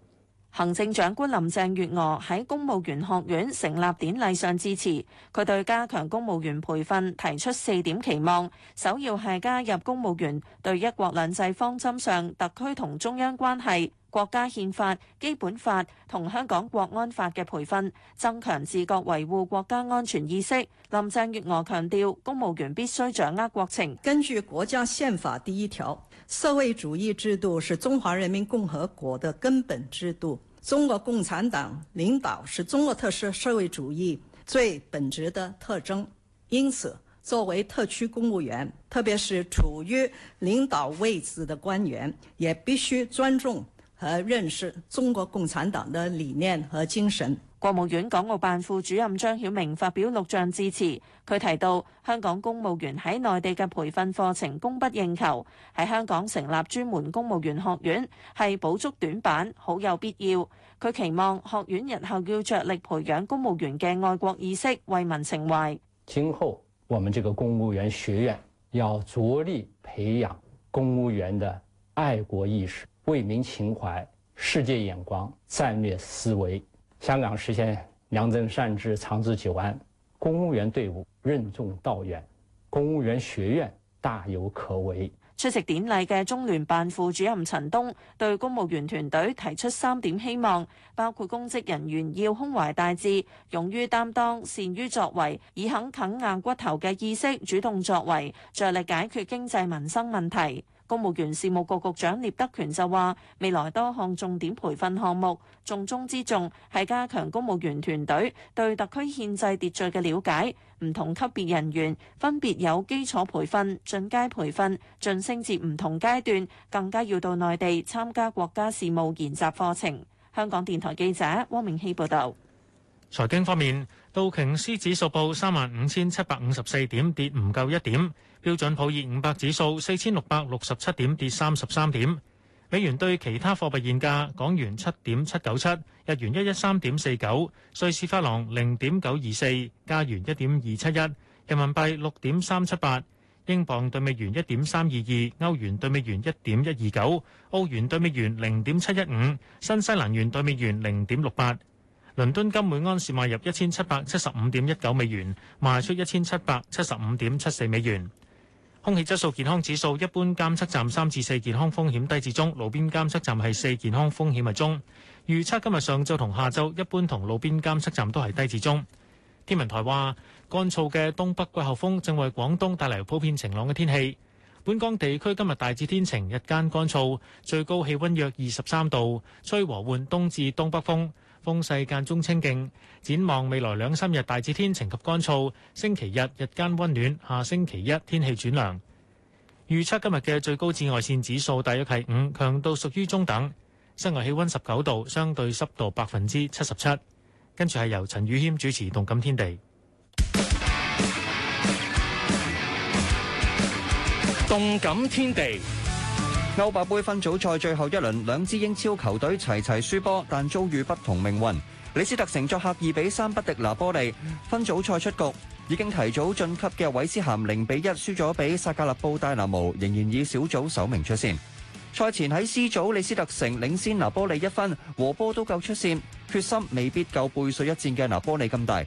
行政長官林鄭月娥喺公務員學院成立典禮上致辭，佢對加強公務員培訓提出四點期望，首要係加入公務員對一國兩制方針上特區同中央關係、國家憲法、基本法同香港國安法嘅培訓，增強自覺維護國家安全意識。林鄭月娥強調，公務員必須掌握國情，根據國家憲法第一條。社會主義制度是中華人民共和國的根本制度。中國共產黨領導是中國特色社會主義最本質的特徵。因此，作為特區公務員，特別是處於領導位置的官員，也必須尊重和認識中國共產黨的理念和精神。國務院港澳辦副主任張曉明發表錄像致辭，佢提到香港公務員喺內地嘅培訓課程供不應求，喺香港成立專門公務員學院係補足短板，好有必要。佢期望學院日後要着力培養公務員嘅愛國意識、為民情懷。今後我們這個公務員學院要着力培養公務員的愛國意識、為民情懷、世界眼光、戰略思維。香港實現良政善治長治久安，公務員隊伍任重道遠，公務員學院大有可為。出席典禮嘅中聯辦副主任陳東對公務員團隊提出三點希望，包括公職人員要胸懷大志，勇於擔當，善於作為，以肯啃硬骨頭嘅意識主動作為，着力解決經濟民生問題。公務員事務局局長聶德權就話，未來多項重點培訓項目，重中之重係加強公務員團隊對特區憲制秩序嘅了解。唔同級別人員分別有基礎培訓、進階培訓、晉升至唔同階段，更加要到內地參加國家事務研習課程。香港電台記者汪明熙報道。財經方面。道瓊斯指數報三萬五千七百五十四點，跌唔夠一點。標準普爾五百指數四千六百六十七點，跌三十三點。美元對其他貨幣現價：港元七點七九七，日元一一三點四九，瑞士法郎零點九二四，加元一點二七一，人民幣六點三七八。英鎊對美元一點三二二，歐元對美元一點一二九，澳元對美元零點七一五，新西蘭元對美元零點六八。倫敦金每安士買入一千七百七十五點一九美元，賣出一千七百七十五點七四美元。空氣質素健康指數，一般監測站三至四健康風險低至中，路邊監測站係四健康風險係中。預測今日上晝同下晝，一般同路邊監測站都係低至中。天文台話，乾燥嘅東北季候風正為廣東帶嚟普遍晴朗嘅天氣。本港地區今日大致天晴，日間乾燥，最高氣温約二十三度，吹和緩東至東北風。風勢間中清勁，展望未來兩三日大致天晴及乾燥。星期日日間溫暖，下星期一天氣轉涼。預測今日嘅最高紫外線指數大約係五，強度屬於中等。室外氣溫十九度，相對濕度百分之七十七。跟住係由陳宇謙主持《動感天地》。《動感天地》歐霸盃分組賽最後一輪，兩支英超球隊齊齊輸波，但遭遇不同命運。李斯特城作客二比三不敵拿波利，分組賽出局。已經提早晉級嘅韋斯咸零比一輸咗俾薩格勒布，戴拿毛仍然以小組首名出線。賽前喺 C 組，李斯特城領先拿波利一分，和波都夠出線，決心未必夠背水一戰嘅拿波利咁大。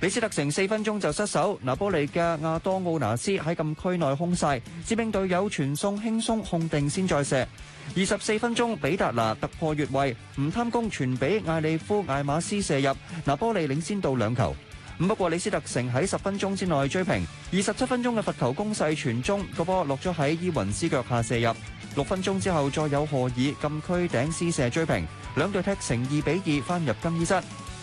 李斯特城四分鐘就失守。拿波利嘅亞多奧拿斯喺禁區內空晒，接應隊友傳送，輕鬆控定先再射。二十四分鐘，比達拿突破越位，唔貪功傳俾艾利夫艾馬斯射入，拿波利領先到兩球。唔，不過李斯特城喺十分鐘之內追平，二十七分鐘嘅罰球攻勢傳中，個波落咗喺伊雲斯腳下射入。六分鐘之後再有荷爾禁區頂施射追平，兩隊踢成二比二翻入更衣室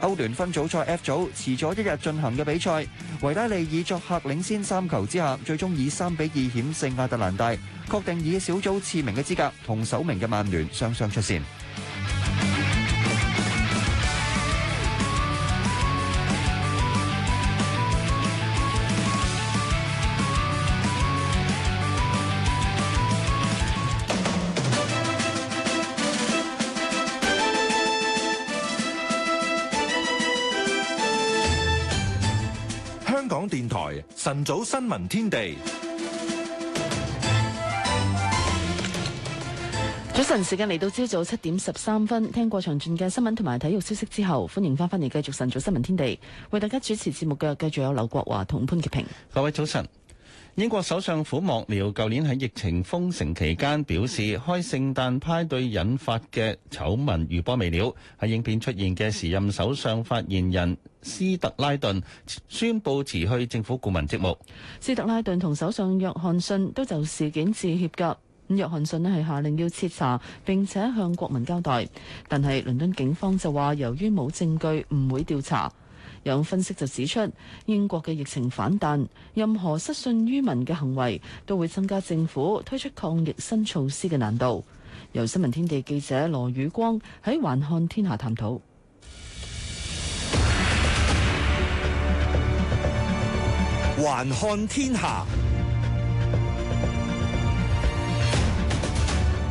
歐聯分組賽 F 組遲咗一日進行嘅比賽，維拉利爾作客領先三球之下，最終以三比二險勝亞特蘭大，確定以小組次名嘅資格同首名嘅曼聯雙雙出線。晨早新聞天地，早晨時間嚟到朝早七點十三分，聽過詳盡嘅新聞同埋體育消息之後，歡迎翻返嚟繼續晨早新聞天地，為大家主持節目嘅繼續有劉國華同潘潔平，各位早晨。英國首相府幕僚，舊年喺疫情封城期間表示，開聖誕派對引發嘅醜聞餘波未了，喺影片出現嘅時任首相發言人斯特拉頓宣布辭去政府顧問職務。斯特拉頓同首相約翰遜都就事件致歉噶。咁約翰遜呢係下令要徹查並且向國民交代，但係倫敦警方就話，由於冇證據，唔會調查。有分析就指出，英國嘅疫情反彈，任何失信於民嘅行為，都會增加政府推出抗疫新措施嘅難度。由新聞天地記者羅宇光喺環看天下探討。環看天下。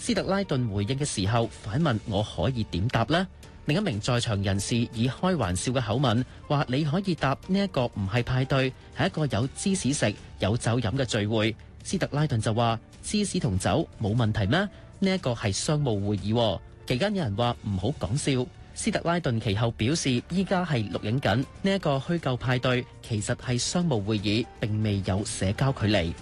斯特拉頓回應嘅時候反問，我可以點答呢？另一名在場人士以開玩笑嘅口吻話，你可以答呢一個唔係派對，係一個有芝士食、有酒飲嘅聚會。斯特拉頓就話芝士同酒冇問題咩？呢一個係商務會議。期間有人話唔好講笑。斯特拉頓其後表示依家係錄影緊呢一個虛構派對，其實係商務會議，並未有社交距離。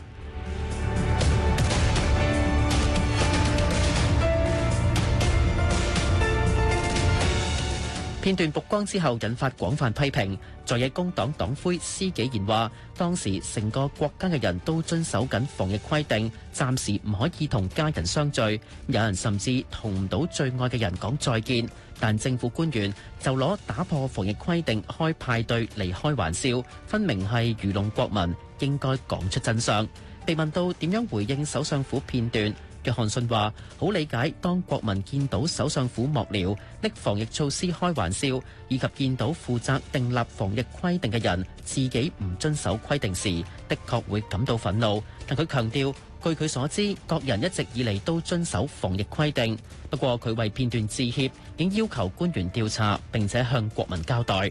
片段曝光之後，引發廣泛批評。在野工黨黨魁施紀賢話：當時成個國家嘅人都遵守緊防疫規定，暫時唔可以同家人相聚，有人甚至同唔到最愛嘅人講再見。但政府官員就攞打破防疫規定開派對嚟開玩笑，分明係愚弄國民。應該講出真相。被問到點樣回應首相府片段？約翰遜話：好理解，當國民見到首相府幕僚，拎防疫措施開玩笑，以及見到負責訂立防疫規定嘅人自己唔遵守規定時，的確會感到憤怒。但佢強調，據佢所知，國人一直以嚟都遵守防疫規定。不過佢為片段致歉，已經要求官員調查，並且向國民交代。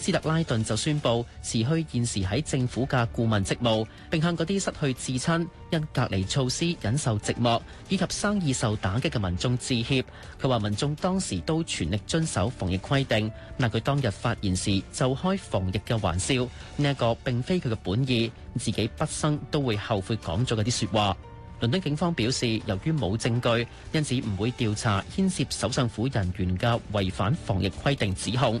斯特拉頓就宣布辭去現時喺政府嘅顧問職務，並向嗰啲失去至親、因隔離措施忍受寂寞以及生意受打擊嘅民眾致歉。佢話民眾當時都全力遵守防疫規定，但佢當日發言時就開防疫嘅玩笑，呢一個並非佢嘅本意，自己畢生都會後悔講咗嗰啲說話。倫敦警方表示，由於冇證據，因此唔會調查牽涉首相府人員嘅違反防疫規定指控。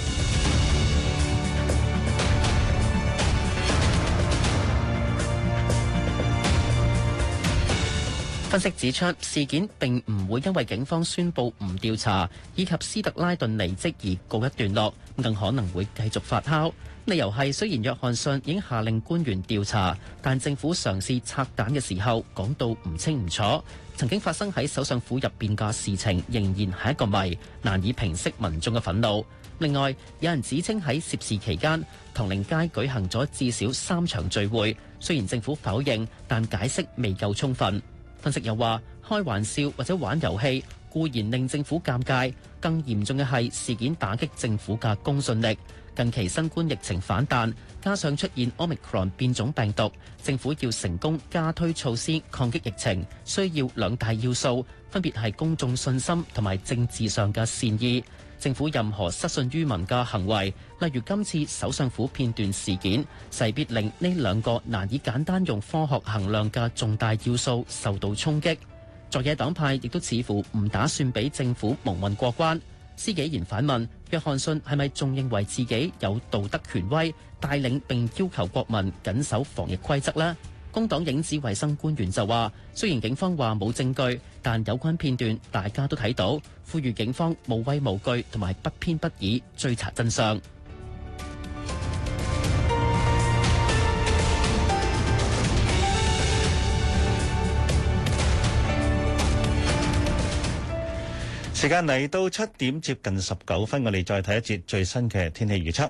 分析指出，事件並唔會因為警方宣布唔調查以及斯特拉頓離職而告一段落，更可能會繼續發酵。理由係，雖然約翰遜已經下令官員調查，但政府嘗試拆彈嘅時候講到唔清唔楚，曾經發生喺首相府入邊嘅事情仍然係一個謎，難以平息民眾嘅憤怒。另外，有人指稱喺涉事期間，唐寧街舉行咗至少三場聚會，雖然政府否認，但解釋未夠充分。分析又話，開玩笑或者玩遊戲固然令政府尷尬，更嚴重嘅係事件打擊政府嘅公信力。近期新冠疫情反彈，加上出現 Omicron 變種病毒，政府要成功加推措施抗擊疫情，需要兩大要素，分別係公眾信心同埋政治上嘅善意。政府任何失信於民嘅行為，例如今次首相府片段事件，勢必令呢兩個難以簡單用科學衡量嘅重大要素受到衝擊，在野黨派亦都似乎唔打算俾政府蒙混過關，施紀賢反問約翰遜係咪仲認為自己有道德權威，帶領並要求國民謹守防疫規則咧？工黨影子衛生官員就話，雖然警方話冇證據，但有關片段大家都睇到，呼籲警方無畏無懼同埋不偏不倚追查真相。時間嚟到七點接近十九分，我哋再睇一節最新嘅天氣預測。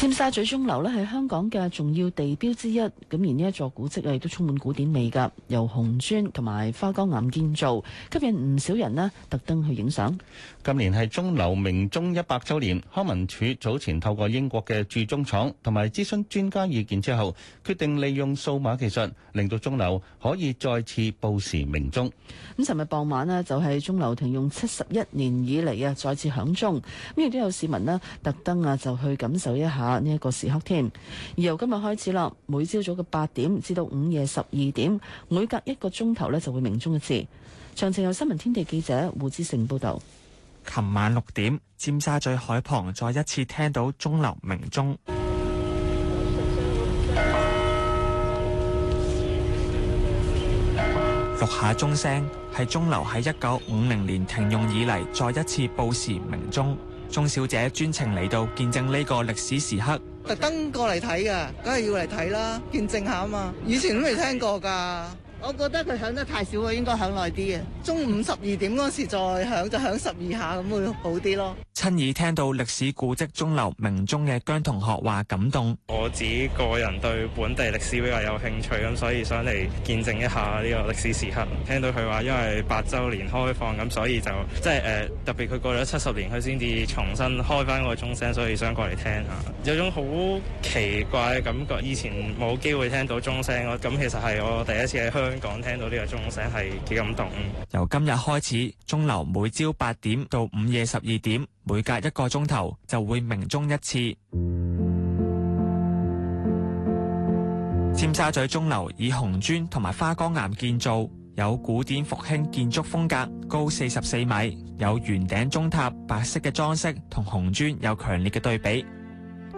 尖沙咀鐘樓咧係香港嘅重要地標之一，咁而呢一座古蹟啊亦都充滿古典味㗎，由紅磚同埋花崗岩建造，吸引唔少人咧特登去影相。今年係鐘樓鳴鐘一百週年，康文署早前透過英國嘅鑄鐘廠同埋諮詢專家意見之後，決定利用數碼技術令到鐘樓可以再次報時鳴鐘。咁尋日傍晚咧就係鐘樓停用七十一年以嚟啊，再次響鐘，咁亦都有市民咧特登啊就去感受一下。呢一個時刻添，而由今日開始啦，每朝早嘅八點至到午夜十二點，每隔一個鐘頭呢就會鳴鐘一次。詳情由新聞天地記者胡志成報道。琴晚六點，尖沙咀海旁再一次聽到鐘樓鳴鐘， *noise* 六下鐘聲係鐘樓喺一九五零年停用以嚟，再一次報時鳴鐘。鍾小姐專程嚟到見證呢個歷史時刻，特登過嚟睇噶，梗係要嚟睇啦，見證下啊嘛，以前都未聽過噶。我覺得佢響得太少啊，應該響耐啲嘅。中午十二點嗰時再響，就響十二下咁會好啲咯。親耳聽到歷史古蹟鐘樓鳴鐘嘅姜同學話：感動。我自己個人對本地歷史比較有興趣，咁所以想嚟見證一下呢個歷史時刻。聽到佢話因為八週年開放，咁所以就即係誒特別佢過咗七十年，佢先至重新開翻個鐘聲，所以想過嚟聽下。有種好奇怪嘅感覺，以前冇機會聽到鐘聲咯。咁其實係我第一次喺香香港聽到呢個鐘聲係幾感動。由今日開始，鐘樓每朝八點到午夜十二點，每隔一個鐘頭就會鳴鐘一次。 *music* 尖沙咀鐘樓以紅磚同埋花崗岩建造，有古典復興建築風格，高四十四米，有圓頂鐘塔，白色嘅裝飾同紅磚有強烈嘅對比。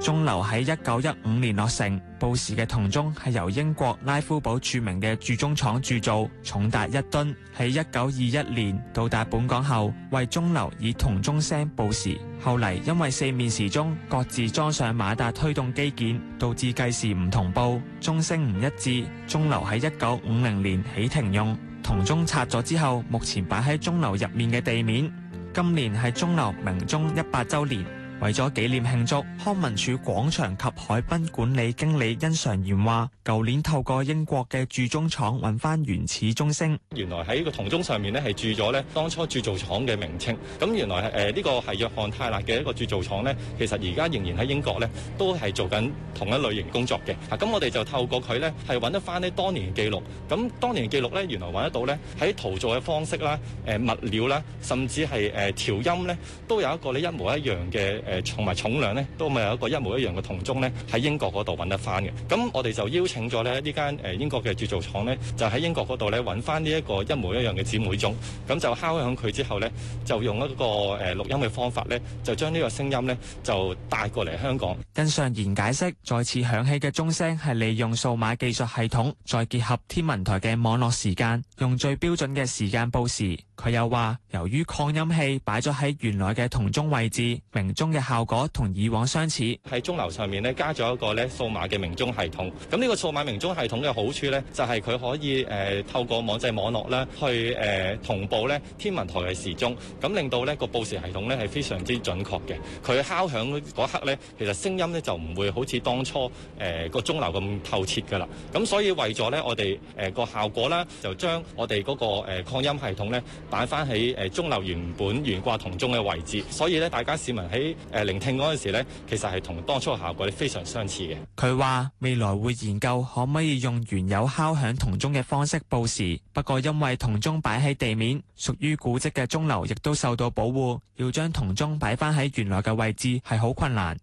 鐘樓喺一九一五年落成，報時嘅銅鐘係由英國拉夫堡著名嘅鑄鐘廠鑄造，重達一噸。喺一九二一年到達本港後，為鐘樓以銅鐘聲報時。後嚟因為四面時鐘各自裝上馬達推動機件，導致計時唔同步，鐘聲唔一致。鐘樓喺一九五零年起停用，銅鐘拆咗之後，目前擺喺鐘樓入面嘅地面。今年係鐘樓鳴鐘一百周年。為咗紀念、慶祝，康文署廣場及海濱管理經理殷常賢話，舊年透過英國嘅鑄鐘廠揾翻原始鐘聲。原來喺、呃呢個銅鐘上面咧係鑄咗咧，當初鑄造廠嘅名稱。咁原來係誒呢個係約翰泰勒嘅一個鑄造廠呢，其實而家仍然喺英國呢都係做緊同一類型工作嘅。啊，咁我哋就透過佢呢係揾得翻呢當年記錄。咁、啊、當年記錄呢，原來揾得到呢喺陶造嘅方式啦、誒、呃、物料啦，甚至係誒調音呢，都有一個咧一模一樣嘅。呃誒同埋重量咧，都未有一個一模一樣嘅銅鐘咧，喺英國嗰度揾得翻嘅。咁我哋就邀請咗咧呢間誒英國嘅鑄造廠咧，就喺英國嗰度咧揾翻呢一個一模一樣嘅姊妹鐘，咁就敲響佢之後咧，就用一個誒錄音嘅方法咧，就將呢個聲音咧就帶過嚟香港。跟上言解釋，再次響起嘅鐘聲係利用數碼技術系統，再結合天文台嘅網絡時間，用最標準嘅時間報時。佢又話，由於擴音器擺咗喺原來嘅銅鐘位置，銅鐘嘅。效果同以往相似，喺鐘樓上面呢，加咗一個咧數碼嘅鳴鐘系統。咁呢個數碼鳴鐘系統嘅好處呢，就係佢可以誒、呃、透過網際網絡咧，去、呃、誒同步咧天文台嘅時鐘，咁令到呢個報時系統呢係非常之準確嘅。佢敲響嗰刻呢，其實聲音呢就唔會好似當初誒、呃、個鐘樓咁透徹噶啦。咁所以為咗呢，我哋誒個效果啦，就將我哋嗰個誒擴音系統呢擺翻喺誒鐘樓原本懸掛銅鐘嘅位置。所以呢，大家市民喺誒、呃、聆聽嗰陣時咧，其實係同當初效果非常相似嘅。佢話未來會研究可唔可以用原有敲響銅鐘嘅方式報時，不過因為銅鐘擺喺地面，屬於古蹟嘅鐘樓亦都受到保護，要將銅鐘擺翻喺原來嘅位置係好困難。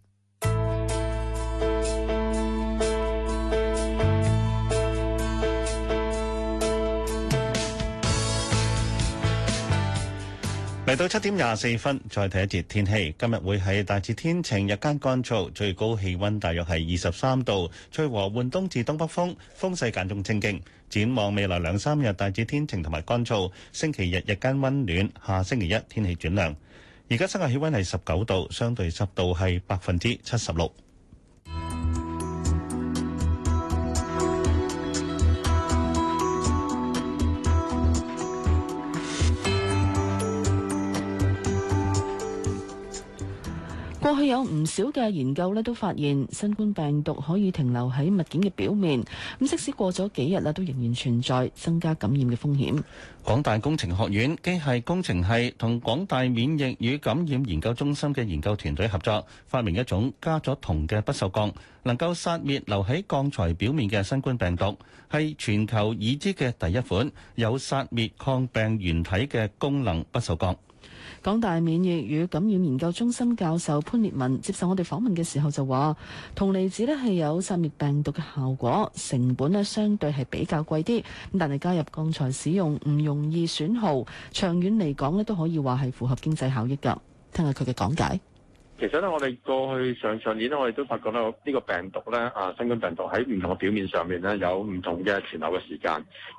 嚟到七點廿四分，再睇一節天氣。今日會喺大致天晴，日間乾燥，最高氣溫大約係二十三度，吹和緩東至東北風，風勢間中清勁。展望未來兩三日大致天晴同埋乾燥，星期日日間溫暖，下星期一天氣轉涼。而家室外氣溫係十九度，相對濕度係百分之七十六。過去有唔少嘅研究咧，都發現新冠病毒可以停留喺物件嘅表面，咁即使過咗幾日啦，都仍然存在增加感染嘅風險。港大工程學院機械工程系同港大免疫與感染研究中心嘅研究團隊合作，發明一種加咗銅嘅不鏽鋼，能夠殺滅留喺鋼材表面嘅新冠病毒，係全球已知嘅第一款有殺滅抗病原體嘅功能不鏽鋼。港大免疫與感染研究中心教授潘烈文接受我哋訪問嘅時候就話，銅離子咧係有殺滅病毒嘅效果，成本咧相對係比較貴啲，咁但係加入鋼材使用唔容易損耗，長遠嚟講咧都可以話係符合經濟效益噶。聽下佢嘅講解。其實咧，我哋過去上上年咧，我哋都發覺咧，呢個病毒咧，啊，新冠病毒喺唔同嘅表面上面咧，有唔同嘅存留嘅時間。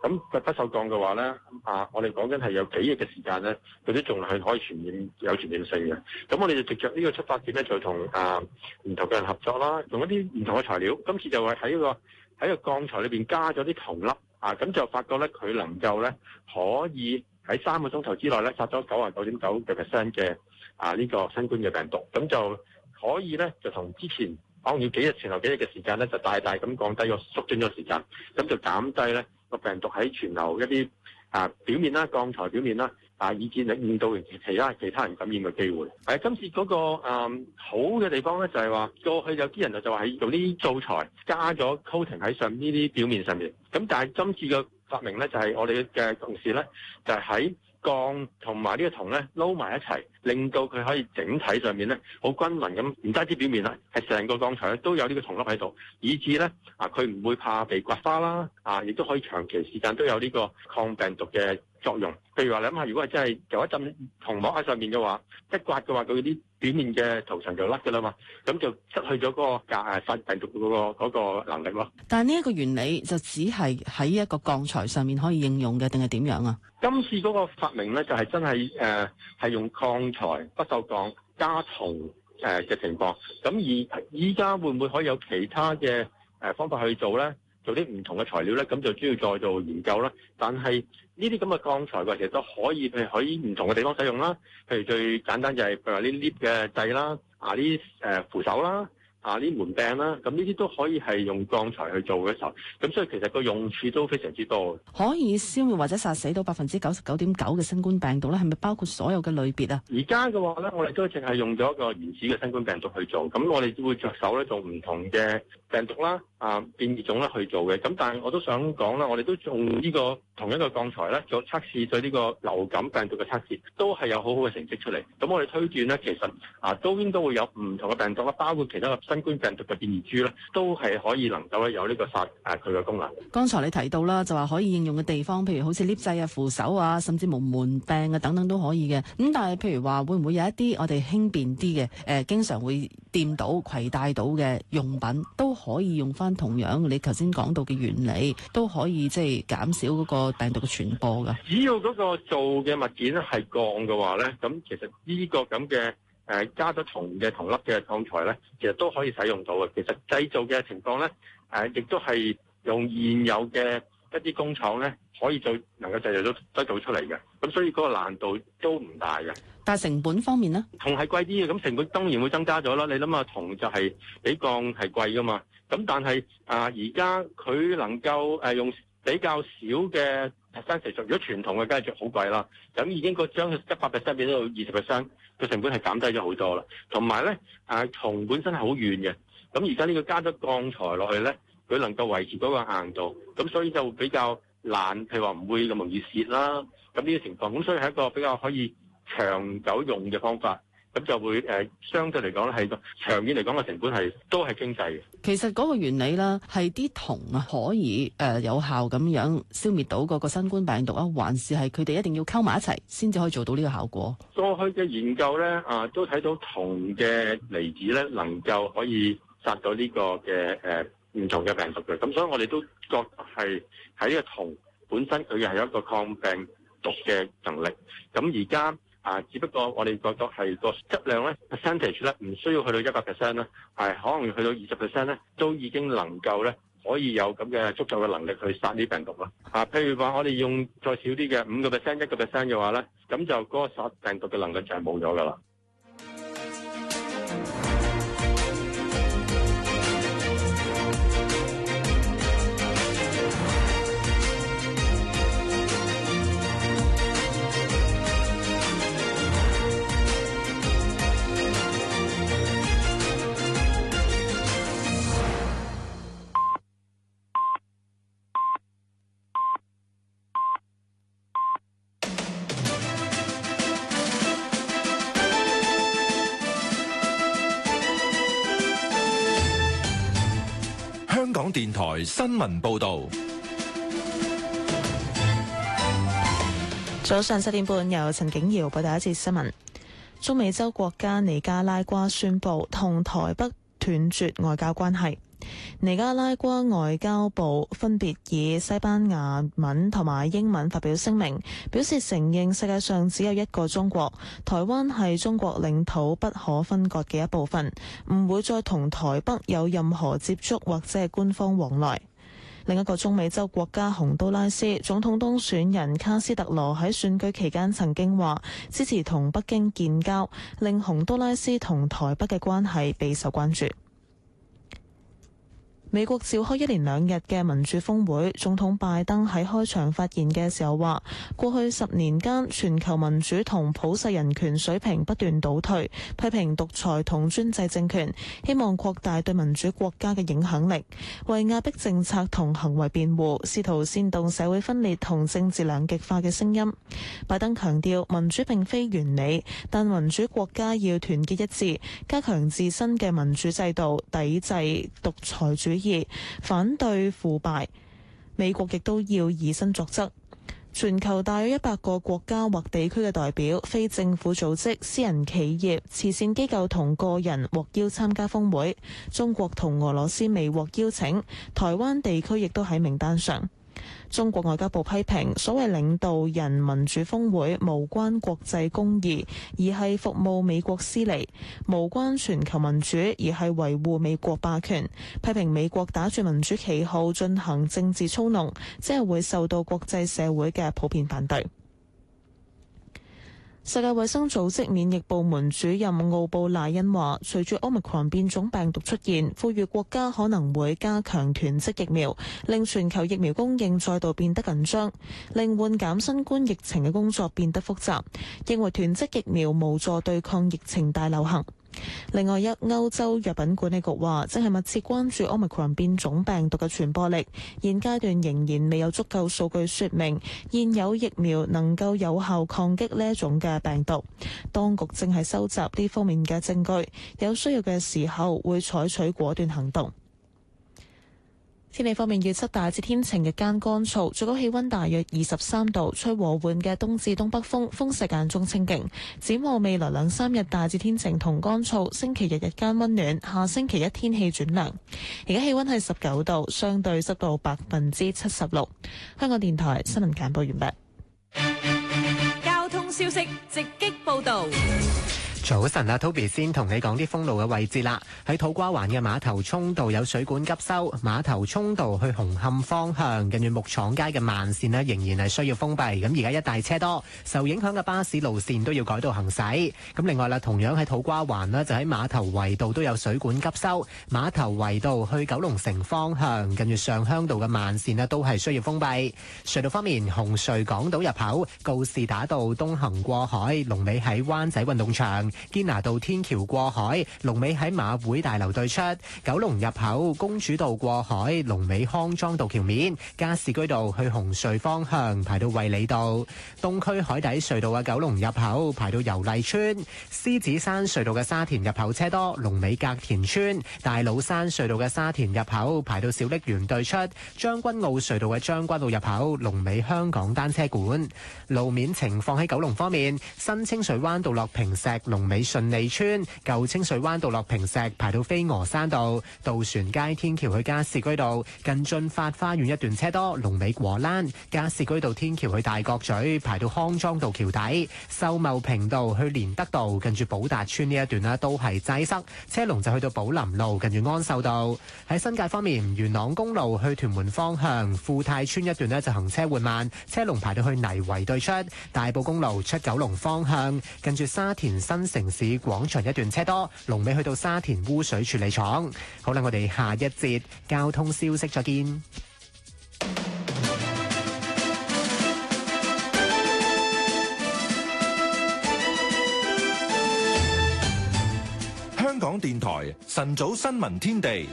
咁個不銹鋼嘅話咧，啊，我哋講緊係有幾日嘅時間咧，佢都仲係可以傳染，有傳染性嘅。咁我哋就藉着呢個出發點咧，就啊同啊唔同嘅人合作啦，用一啲唔同嘅材料。今次就係喺個喺個鋼材裏邊加咗啲銅粒，啊，咁就發覺咧，佢能夠咧可以喺三個鐘頭之內咧殺咗九啊九點九嘅 percent 嘅。啊！呢、這個新冠嘅病毒咁就可以咧，就同之前按照、嗯、幾日前後幾日嘅時間咧，就大大咁降低咗縮短咗時間，咁就減低咧個病毒喺存留一啲啊表面啦、鋼材表面啦、啊以至咧令到其他其他人感染嘅機會。喺、啊、今次嗰、那個、嗯、好嘅地方咧，就係、是、話過去有啲人就就話用啲素材加咗 coating 喺上呢啲表面上面，咁、嗯、但係今次嘅發明咧，就係、是、我哋嘅同事咧就係喺。鋼同埋呢個銅咧撈埋一齊，令到佢可以整體上面咧好均勻咁，唔單止表面啦，係成個鋼材咧都有呢個銅粒喺度，以至咧啊佢唔會怕被刮花啦，啊亦都可以長期時間都有呢個抗病毒嘅。作用，譬如話你諗下，如果係真係有一陣銅膜喺上面嘅話，一刮嘅話，佢啲表面嘅塗層就甩㗎啦嘛，咁就失去咗嗰、那個誒殺病毒嗰個能力咯。但係呢一個原理就只係喺一個鋼材上面可以應用嘅，定係點樣啊？今次嗰個發明咧，就係、是、真係誒係用鋼材不鏽鋼、加銅誒嘅情況。咁而依家會唔會可以有其他嘅誒、呃、方法去做咧？做啲唔同嘅材料咧？咁就主要再做研究啦。但係。呢啲咁嘅鋼材嘅，其實都可以，去喺唔同嘅地方使用啦。譬如最簡單就係、是、譬如話呢啲嘅掣啦，啊啲誒、這個、扶手啦，啊啲、這個、門柄啦，咁呢啲都可以係用鋼材去做嘅時候。咁所以其實個用處都非常之多。可以消滅或者殺死到百分之九十九點九嘅新冠病毒咧，係咪包括所有嘅類別啊？而家嘅話咧，我哋都淨係用咗一個原始嘅新冠病毒去做。咁我哋會着手咧做唔同嘅病毒啦。啊變異種咧去做嘅，咁但係我都想講啦，我哋都用呢、這個同一個鋼材咧，做測試對呢個流感病毒嘅測試，都係有好好嘅成績出嚟。咁我哋推斷咧，其實啊邊都應該會有唔同嘅病毒啦，包括其他嘅新冠病毒嘅變異株咧，都係可以能夠咧有呢個殺啊佢嘅功能。剛才你提到啦，就話可以應用嘅地方，譬如好似 𨋢 掣啊、扶手啊，甚至無門,門柄啊等等都可以嘅。咁、嗯、但係譬如話，會唔會有一啲我哋輕便啲嘅誒，經常會掂到攜帶到嘅用品，都可以用翻。同樣，你頭先講到嘅原理都可以即係減少嗰個病毒嘅傳播噶。只要嗰個做嘅物件係鋼嘅話咧，咁其實這個這、呃、呢個咁嘅誒加咗銅嘅銅粒嘅鋼材咧，其實都可以使用到嘅。其實製造嘅情況咧，誒、呃、亦都係用現有嘅一啲工廠咧，可以做能夠製造到製造出嚟嘅。咁所以嗰個難度都唔大嘅。但係成本方面咧，銅係貴啲嘅，咁成本當然會增加咗啦。你諗下銅就係、是、比鋼係貴噶嘛。咁但係啊，而家佢能夠誒、呃、用比較少嘅 percent，如果傳統嘅梗係好貴啦。咁已經個將一百 percent 變到二十 percent，個成本係減低咗好多啦。同埋咧，啊銅本身係好軟嘅，咁而家呢個加咗鋼材落去咧，佢能夠維持嗰個硬度，咁所以就比較難，譬如話唔會咁容易蝕啦。咁呢個情況，咁所以係一個比較可以長久用嘅方法。咁就會誒相對嚟講咧，係長遠嚟講個成本係都係經濟嘅。其實嗰個原理咧，係啲銅啊可以誒有效咁樣消滅到嗰個新冠病毒啊，還是係佢哋一定要溝埋一齊先至可以做到呢個效果？過去嘅研究咧啊，都睇到銅嘅離子咧能夠可以殺到呢個嘅誒唔同嘅病毒嘅。咁所以我哋都覺得係喺呢個銅本身佢係有一個抗病毒嘅能力。咁而家。啊！只不過我哋覺得係個質量咧，percentage 咧，唔需要去到一百 percent 咧，係可能去到二十 percent 咧，都已經能夠咧，可以有咁嘅足夠嘅能力去殺呢病毒啦。啊，譬如話我哋用再少啲嘅，五個 percent、一個 percent 嘅話咧，咁就嗰個殺病毒嘅能力就係冇咗噶啦。電台新聞報道：早上七點半，由陳景堯報道一節新聞。中美洲國家尼加拉瓜宣布同台北斷絕外交關係。尼加拉瓜外交部分別以西班牙文同埋英文發表聲明，表示承認世界上只有一個中國，台灣係中國領土不可分割嘅一部分，唔會再同台北有任何接觸或者係官方往來。另一個中美洲國家洪都拉斯總統當選人卡斯特羅喺選舉期間曾經話支持同北京建交，令洪都拉斯同台北嘅關係備受關注。美國召開一連兩日嘅民主峰會，總統拜登喺開場發言嘅時候話：過去十年間，全球民主同普世人權水平不斷倒退，批評獨裁同專制政權，希望擴大對民主國家嘅影響力，為壓迫政策同行為辯護，試圖煽動社會分裂同政治兩極化嘅聲音。拜登強調民主並非原理，但民主國家要團結一致，加強自身嘅民主制度，抵制獨裁主義。而反對腐敗，美國亦都要以身作則。全球大約一百個國家或地區嘅代表、非政府組織、私人企業、慈善機構同個人獲邀參加峰會。中國同俄羅斯未獲邀請，台灣地區亦都喺名單上。中國外交部批評所謂領導人民主峰會無關國際公義，而係服務美國私利，無關全球民主，而係維護美國霸權。批評美國打着民主旗號進行政治操弄，即係會受到國際社會嘅普遍反對。世界衛生組織免疫部門主任奧布賴恩話，隨住奧密克戎變種病毒出現，富裕國家可能會加強囤積疫苗，令全球疫苗供應再度變得緊張，令緩減新冠疫情嘅工作變得複雜，認為囤積疫苗無助對抗疫情大流行。另外一，一歐洲藥品管理局話，正係密切關注 Omicron 變種病毒嘅傳播力，現階段仍然未有足夠數據說明現有疫苗能夠有效抗擊呢一種嘅病毒。當局正係收集呢方面嘅證據，有需要嘅時候會採取果斷行動。天氣方面，預測大致天晴，日間乾燥，最高氣溫大約二十三度，吹和緩嘅東至東北風，風勢間中清勁。展望未來兩三日大致天晴同乾燥，星期日日間溫暖，下星期一天氣轉涼。而家氣溫係十九度，相對濕度百分之七十六。香港電台新聞簡報完畢。交通消息直擊報道。早晨啊，Toby 先同你講啲封路嘅位置啦。喺土瓜灣嘅碼頭涌道有水管急修，碼頭涌道去紅磡方向，近住木廠街嘅慢綫咧仍然係需要封閉。咁而家一帶車多，受影響嘅巴士路綫都要改道行駛。咁另外啦，同樣喺土瓜灣啦，就喺碼頭圍道都有水管急修，碼頭圍道去九龍城方向，近住上鄉道嘅慢綫咧都係需要封閉。隧道方面，紅隧港島入口告士打道東行過海，龍尾喺灣仔運動場。堅拿道天橋過海，龍尾喺馬會大樓對出；九龍入口公主道過海，龍尾康莊道橋面；加士居道去紅隧方向排到衛理道；東區海底隧道嘅九龍入口排到油麗村；獅子山隧道嘅沙田入口車多，龍尾隔田村；大老山隧道嘅沙田入口排到小瀝源對出；將軍澳隧道嘅將軍澳入口龍尾香港單車館。路面情況喺九龍方面，新清水灣道落坪石龍。龍尾順利邨，舊清水灣道落坪石，排到飛鵝山道，渡船街天橋去加士居道，更近駿發花園一段車多，龍尾果欄，加士居道天橋去大角咀，排到康莊道橋底，秀茂坪道去連德道，近住寶達邨呢一段呢，都係擠塞，車龍就去到寶林路，近住安秀道。喺新界方面，元朗公路去屯門方向，富泰邨一段呢就行車緩慢，車龍排到去泥圍對出，大埔公路出九龍方向，近住沙田新 sí, 城市廣場一段車多，龍尾去到沙田污水處理廠。好啦，我哋下一節交通消息，再見。香港電台晨早新聞天地。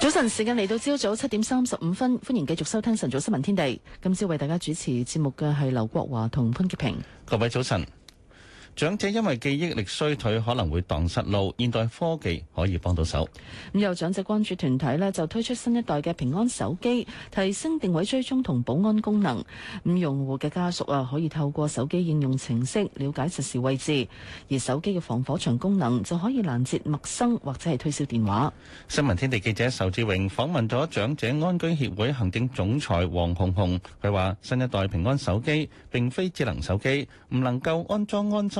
早晨，時間嚟到朝早七點三十五分，歡迎繼續收聽晨早新聞天地。今朝為大家主持節目嘅係劉國華同潘潔平。各位早晨。長者因為記憶力衰退可能會盪失路，現代科技可以幫到手。咁由長者關注團體咧就推出新一代嘅平安手機，提升定位追蹤同保安功能。咁用戶嘅家屬啊可以透過手機應用程式了解實時位置，而手機嘅防火牆功能就可以攔截陌生或者係推銷電話。新聞天地記者仇志榮訪問咗長者安居協會行政總裁黃紅紅，佢話新一代平安手機並非智能手機，唔能夠安裝安裝。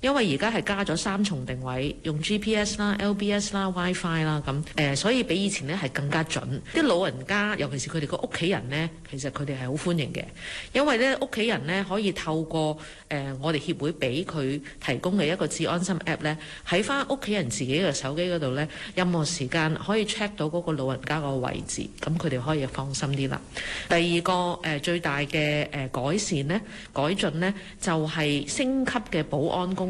因為而家係加咗三重定位，用 GPS 啦、LBS 啦、WiFi 啦咁，誒，所以比以前呢係更加準。啲老人家，尤其是佢哋個屋企人呢，其實佢哋係好歡迎嘅，因為呢屋企人呢，可以透過誒、呃、我哋協會俾佢提供嘅一個治安心 App 呢，喺翻屋企人自己嘅手機嗰度呢，任何時間可以 check 到嗰個老人家個位置，咁佢哋可以放心啲啦。第二個誒、呃、最大嘅誒、呃、改善呢，改進呢，就係、是、升級嘅保安工。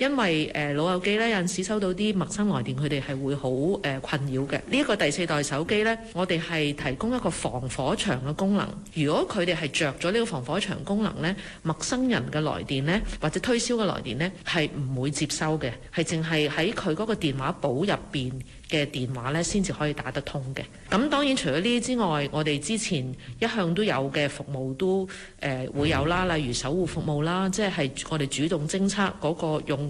因為誒老友機呢，有陣時收到啲陌生來電，佢哋係會好誒困擾嘅。呢一個第四代手機呢，我哋係提供一個防火牆嘅功能。如果佢哋係着咗呢個防火牆功能呢，陌生人嘅來電呢，或者推銷嘅來電呢，係唔會接收嘅，係淨係喺佢嗰個電話簿入邊嘅電話呢，先至可以打得通嘅。咁當然除咗呢啲之外，我哋之前一向都有嘅服務都誒會有啦，例如守護服務啦，即係我哋主動偵測嗰個用。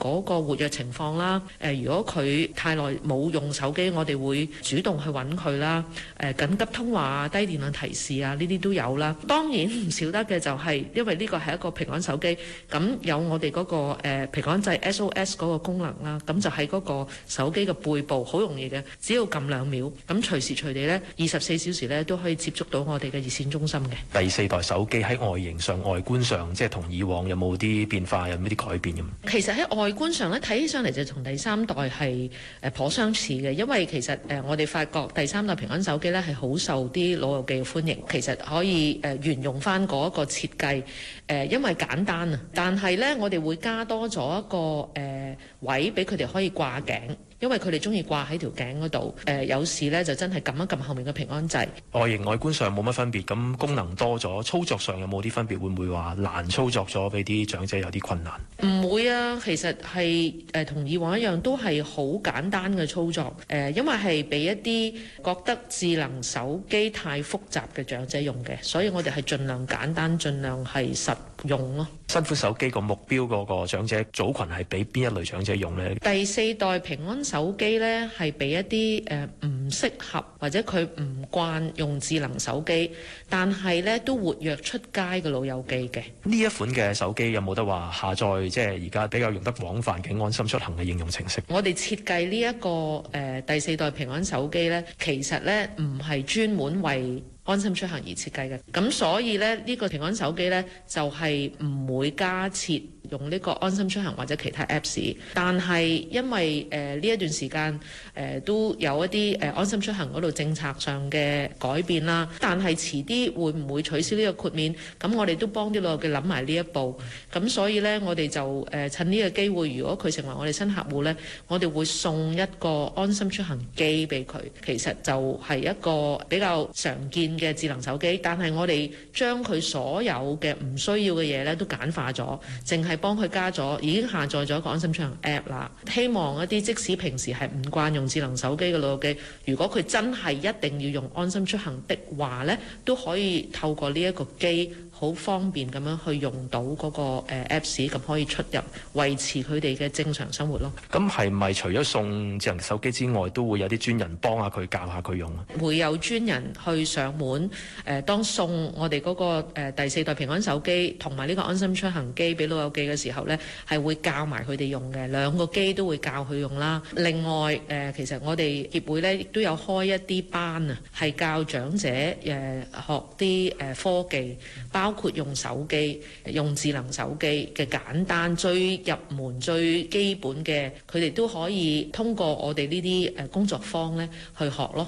嗰個活躍情況啦，誒、呃，如果佢太耐冇用手機，我哋會主動去揾佢啦。誒、呃，緊急通話啊，低電量提示啊，呢啲都有啦。當然唔少得嘅就係、是，因為呢個係一個平安手機，咁有我哋嗰、那個、呃、平安掣 SOS 嗰個功能啦。咁就喺嗰個手機嘅背部，好容易嘅，只要撳兩秒，咁隨時隨地呢，二十四小時呢都可以接觸到我哋嘅熱線中心嘅。第四代手機喺外形上、外觀上，即係同以往有冇啲變化，有冇啲改變咁？其實喺外外觀上咧，睇起上嚟就同第三代係誒頗相似嘅，因為其實誒、呃、我哋發覺第三代平安手機咧係好受啲老友記嘅歡迎，其實可以誒沿、呃、用翻嗰個設計誒，因為簡單啊。但係咧我哋會加多咗一個誒、呃、位俾佢哋可以掛頸。因為佢哋中意掛喺條頸嗰度，誒、呃、有時咧就真係撳一撳後面嘅平安掣。外形外觀上冇乜分別，咁功能多咗，操作上有冇啲分別？會唔會話難操作咗，俾啲長者有啲困難？唔會啊，其實係誒同以往一樣，都係好簡單嘅操作。誒、呃，因為係俾一啲覺得智能手機太複雜嘅長者用嘅，所以我哋係盡量簡單，盡量係實。用咯、啊，新款手機個目標嗰、那個長者組群係俾邊一類長者用呢？第四代平安手機呢，係俾一啲誒唔適合或者佢唔慣用智能手機，但係呢都活躍出街嘅老友記嘅。呢一款嘅手機有冇得話下載即係而家比較用得廣泛嘅安心出行嘅應用程式？我哋設計呢一個誒、呃、第四代平安手機呢，其實呢唔係專門為。安心出行而設計嘅，咁所以呢，呢、這個平安手機呢，就係、是、唔會加設用呢個安心出行或者其他 Apps，但係因為誒呢、呃、一段時間、呃、都有一啲誒安心出行嗰度政策上嘅改變啦，但係遲啲會唔會取消呢個豁免？咁我哋都幫啲老友諗埋呢一步，咁所以呢，我哋就誒、呃、趁呢個機會，如果佢成為我哋新客戶呢，我哋會送一個安心出行機俾佢，其實就係一個比較常見嘅智能手機，但係我哋將佢所有嘅唔需要嘅嘢咧都簡化咗，淨係幫佢加咗已經下載咗個安心出行 app 啦。希望一啲即使平時係唔慣用智能手機嘅老友記，如果佢真係一定要用安心出行的話咧，都可以透過呢一個機。好方便咁樣去用到嗰個誒 Apps，咁可以出入維持佢哋嘅正常生活咯。咁係咪除咗送智能手機之外，都會有啲專人幫下佢教下佢用啊？會有專人去上門誒，當送我哋嗰個誒第四代平安手機同埋呢個安心出行機俾老友記嘅時候咧，係會教埋佢哋用嘅。兩個機都會教佢用啦。另外誒，其實我哋協會咧亦都有開一啲班啊，係教長者誒學啲誒科技包。包括用手機、用智能手機嘅簡單、最入門、最基本嘅，佢哋都可以通過我哋呢啲誒工作坊咧去學咯。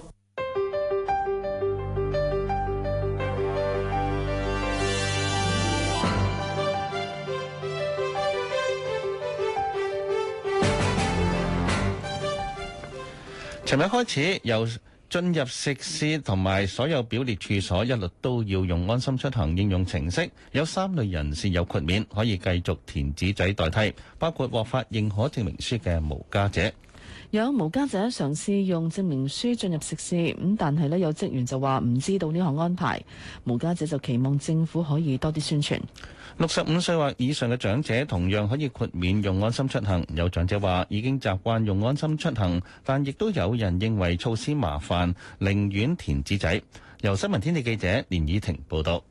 尋日開始有。進入食肆同埋所有表列處所，一律都要用安心出行應用程式。有三類人士有豁免，可以繼續填紙仔代替，包括獲發認可證明書嘅無家者。有無家者嘗試用證明書進入食肆，咁但係咧，有職員就話唔知道呢項安排。無家者就期望政府可以多啲宣傳。六十五歲或以上嘅長者同樣可以豁免用安心出行。有長者話已經習慣用安心出行，但亦都有人認為措施麻煩，寧願填紙仔。由新聞天地記者連以婷報道。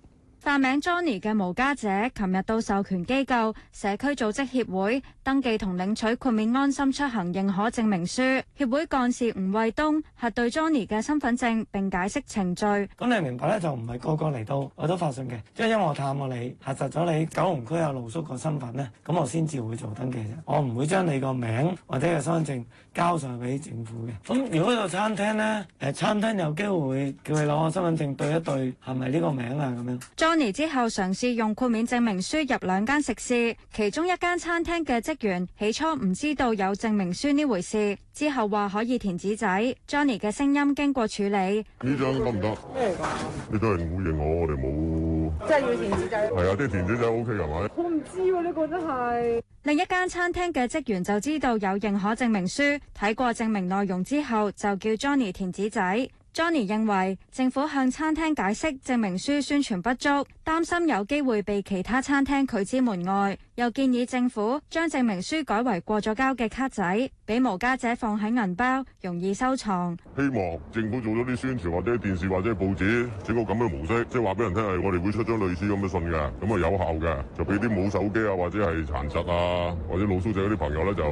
化名 Johnny 嘅無家者，琴日到授權機構社區組織協會登記同領取豁免安心出行認可證明書。協會幹事吳衛東核對 Johnny 嘅身份證，並解釋程序。咁你明白咧，就唔係個個嚟到我都發信嘅，即係因為我探過你，核實咗你九龍區有露宿個身份咧，咁我先至會做登記啫，我唔會將你個名或者個身份證，交上俾政府嘅咁、哦。如果有餐廳呢，誒、呃，餐廳有機會叫你攞個身份證對一對，係咪呢個名啊？咁樣。Johnny 之後嘗試用豁免證明書入兩間食肆，其中一間餐廳嘅職員起初唔知道有證明書呢回事。之後話可以填紙仔，Johnny 嘅聲音經過處理，呢張得唔得？咩嚟㗎？你都係唔好認我，我哋冇，即係要填紙仔。係、 *laughs* OK、啊，啲填紙仔 O K 係咪？我唔知喎，呢個真係。另一間餐廳嘅職員就知道有認可證明書，睇過證明內容之後就叫 Johnny 填紙仔。Johnny 認為政府向餐廳解釋證明書宣傳不足，擔心有機會被其他餐廳拒之門外。又建議政府將證明書改為過咗膠嘅卡仔，俾無家者放喺銀包，容易收藏。希望政府做咗啲宣傳，或者電視或者報紙整個咁嘅模式，即係話俾人聽係我哋會出張類似咁嘅信嘅，咁啊有效嘅，就俾啲冇手機啊或者係殘疾啊或者老蘇仔嗰啲朋友咧，就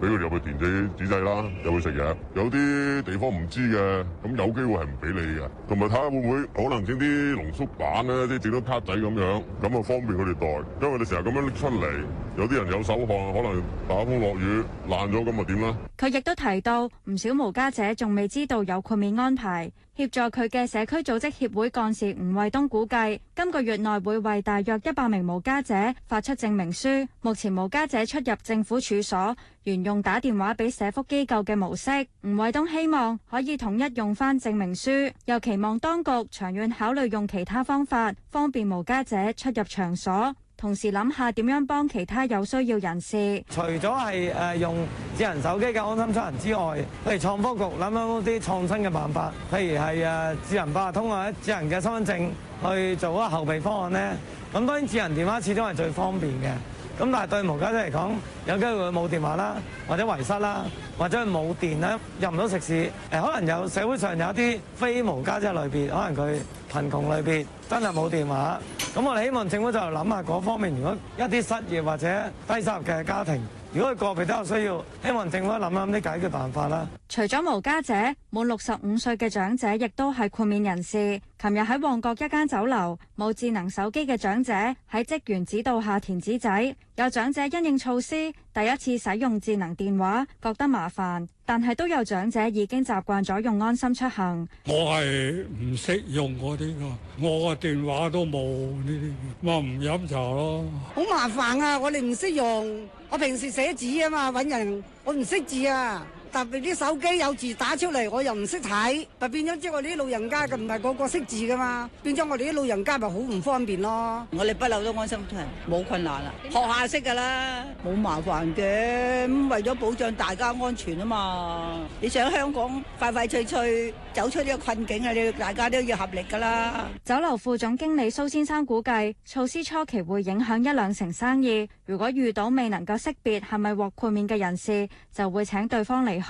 俾佢哋入去填啲紙仔啦，入去食嘢。有啲地方唔知嘅，咁有機會係唔俾你嘅，同埋睇下會唔會可能整啲濃縮版咧，即係整到卡仔咁樣，咁啊方便佢哋帶。因為你成日咁樣拎出嚟有啲人有手汗，可能打風落雨爛咗，咁咪點呢？佢亦都提到，唔少無家者仲未知道有豁免安排。協助佢嘅社區組織協會幹事吳惠東估計，今個月內會為大約一百名無家者發出證明書。目前無家者出入政府處所，沿用打電話俾社福機構嘅模式。吳惠東希望可以統一用返證明書，又期望當局長遠考慮用其他方法，方便無家者出入場所。同時諗下點樣幫其他有需要人士，除咗係誒用智能手機嘅安心出行之外，我哋創科局諗一諗啲創新嘅辦法，譬如係誒智能八達通或者智能嘅身份證去做一個後備方案咧。咁當然智能電話始終係最方便嘅。咁但係對無家者嚟講，有機會佢冇電話啦，或者遺失啦，或者佢冇電啦，入唔到食肆。誒，可能有社會上有一啲非無家者類別，可能佢貧窮類別，真係冇電話。咁我哋希望政府就諗下嗰方面。如果一啲失業或者低收入嘅家庭，如果佢個別都有需要，希望政府諗一諗啲解決辦法啦。除咗無家者。滿六十五歲嘅長者亦都係豁免人士。琴日喺旺角一間酒樓，冇智能手機嘅長者喺職員指導下填紙仔。有長者因應措施第一次使用智能電話，覺得麻煩，但係都有長者已經習慣咗用安心出行。我係唔識用嗰啲㗎，我個電話都冇呢啲，我唔飲茶咯。好麻煩啊！我哋唔識用，我平時寫字啊嘛，揾人我唔識字啊。特別啲手機有字打出嚟，我又唔識睇，就變咗之外，我啲老人家，唔係個個識字噶嘛，變咗我哋啲老人家咪好唔方便咯。我哋不嬲都安心，冇困難啦，怕學下識噶啦，冇麻煩嘅。咁為咗保障大家安全啊嘛，你想香港快快脆脆走出呢個困境啊，你大家都要合力噶啦。酒樓副總經理蘇先生估計，措施初期會影響一兩成生意，如果遇到未能夠識別係咪獲豁免嘅人士，就會請對方離開。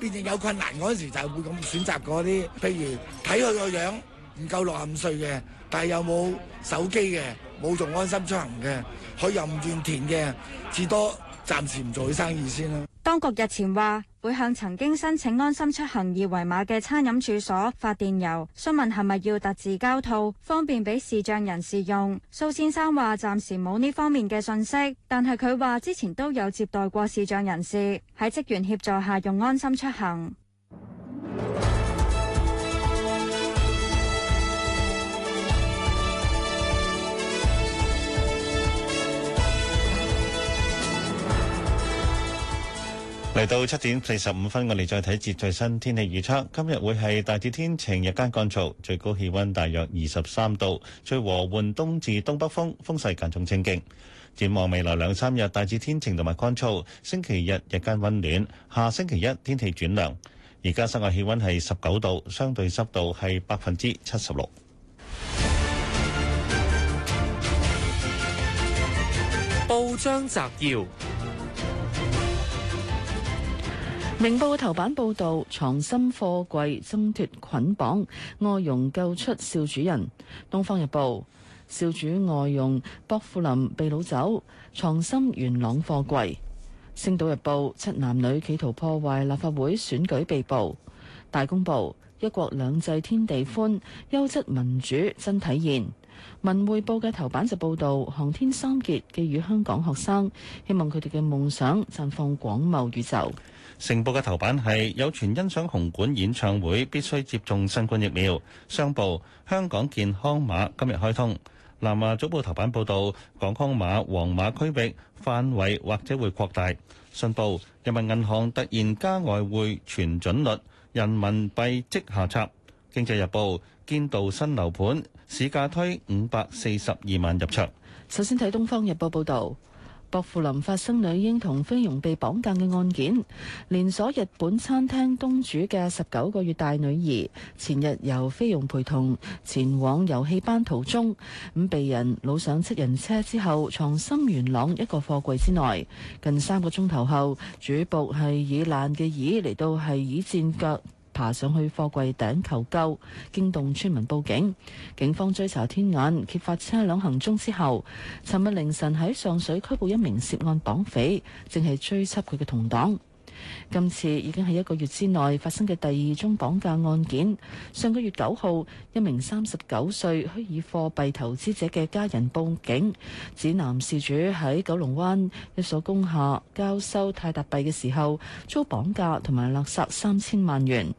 變成有困難嗰陣時，就係會咁選擇嗰啲，譬如睇佢個樣唔夠六十五歲嘅，但係又冇手機嘅，冇仲安心出行嘅，佢又唔願填嘅，至多暫時唔做佢生意先啦。當局日前話。會向曾經申請安心出行二維碼嘅餐飲處所發電郵，詢問係咪要特製膠套，方便俾視障人士用。蘇先生話暫時冇呢方面嘅信息，但係佢話之前都有接待過視障人士喺職員協助下用安心出行。嚟到七點四十五分，我哋再睇次最新天氣預測。今日會係大致天晴，日間乾燥，最高氣溫大約二十三度，吹和緩東至東北風，風勢間中清勁。展望未來兩三日，大致天晴同埋乾燥。星期日日間溫暖，下星期一天氣轉涼。而家室外氣溫係十九度，相對濕度係百分之七十六。報章摘要。明報頭版報道：藏心貨櫃掙脫捆綁，外傭救出少主人。東方日報：少主外傭薄扶林被擄走，藏心元朗貨櫃。星島日報：七男女企圖破壞立法會選舉被捕。大公報：一國兩制天地寬，優質民主真體現。文匯報嘅頭版就報道：航天三傑寄予香港學生，希望佢哋嘅夢想綻放廣袤宇宙。成報嘅頭版係有傳欣賞紅館演唱會必須接種新冠疫苗。商報香港健康碼今日開通。南華早報頭版報導，港康碼黃碼區域範圍或者會擴大。信報人民銀行突然加外匯存準率，人民幣即下插。經濟日報見到新樓盤市價推五百四十二萬入場。首先睇《東方日報》報導。薄扶林發生女嬰同菲傭被綁架嘅案件，連鎖日本餐廳東主嘅十九個月大女兒，前日由菲傭陪同前往遊戲班途中，咁被人擄上七人車之後，藏深元朗一個貨櫃之內，近三個鐘頭後，主僕係以爛嘅椅嚟到係以戰腳，爬上去貨櫃頂求救，驚動村民報警。警方追查天眼，揭發車輛行蹤之後，尋日凌晨喺上水拘捕一名涉案綁匪，正係追緝佢嘅同黨。今次已經喺一個月之內發生嘅第二宗綁架案件。上個月九號，一名三十九歲虛擬貨幣投資者嘅家人報警，指男事主喺九龍灣一所工廈交收泰達幣嘅時候遭綁架，同埋勒索三千萬元。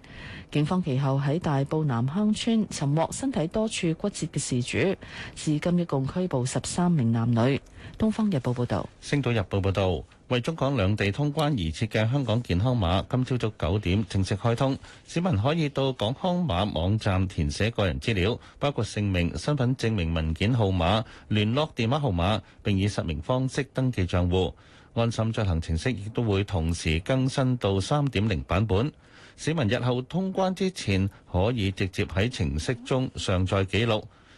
警方其後喺大埔南坑村尋獲身體多處骨折嘅事主，至今一共拘捕十三名男女。東方日報報道，星島日報報道，為中港兩地通關而設嘅香港健康碼，今朝早九點正式開通，市民可以到港康碼網站填寫個人資料，包括姓名、身份證明文件號碼、聯絡電話號碼，並以實名方式登記賬戶，安心出行程式亦都會同時更新到三點零版本，市民日後通關之前可以直接喺程式中上載記錄。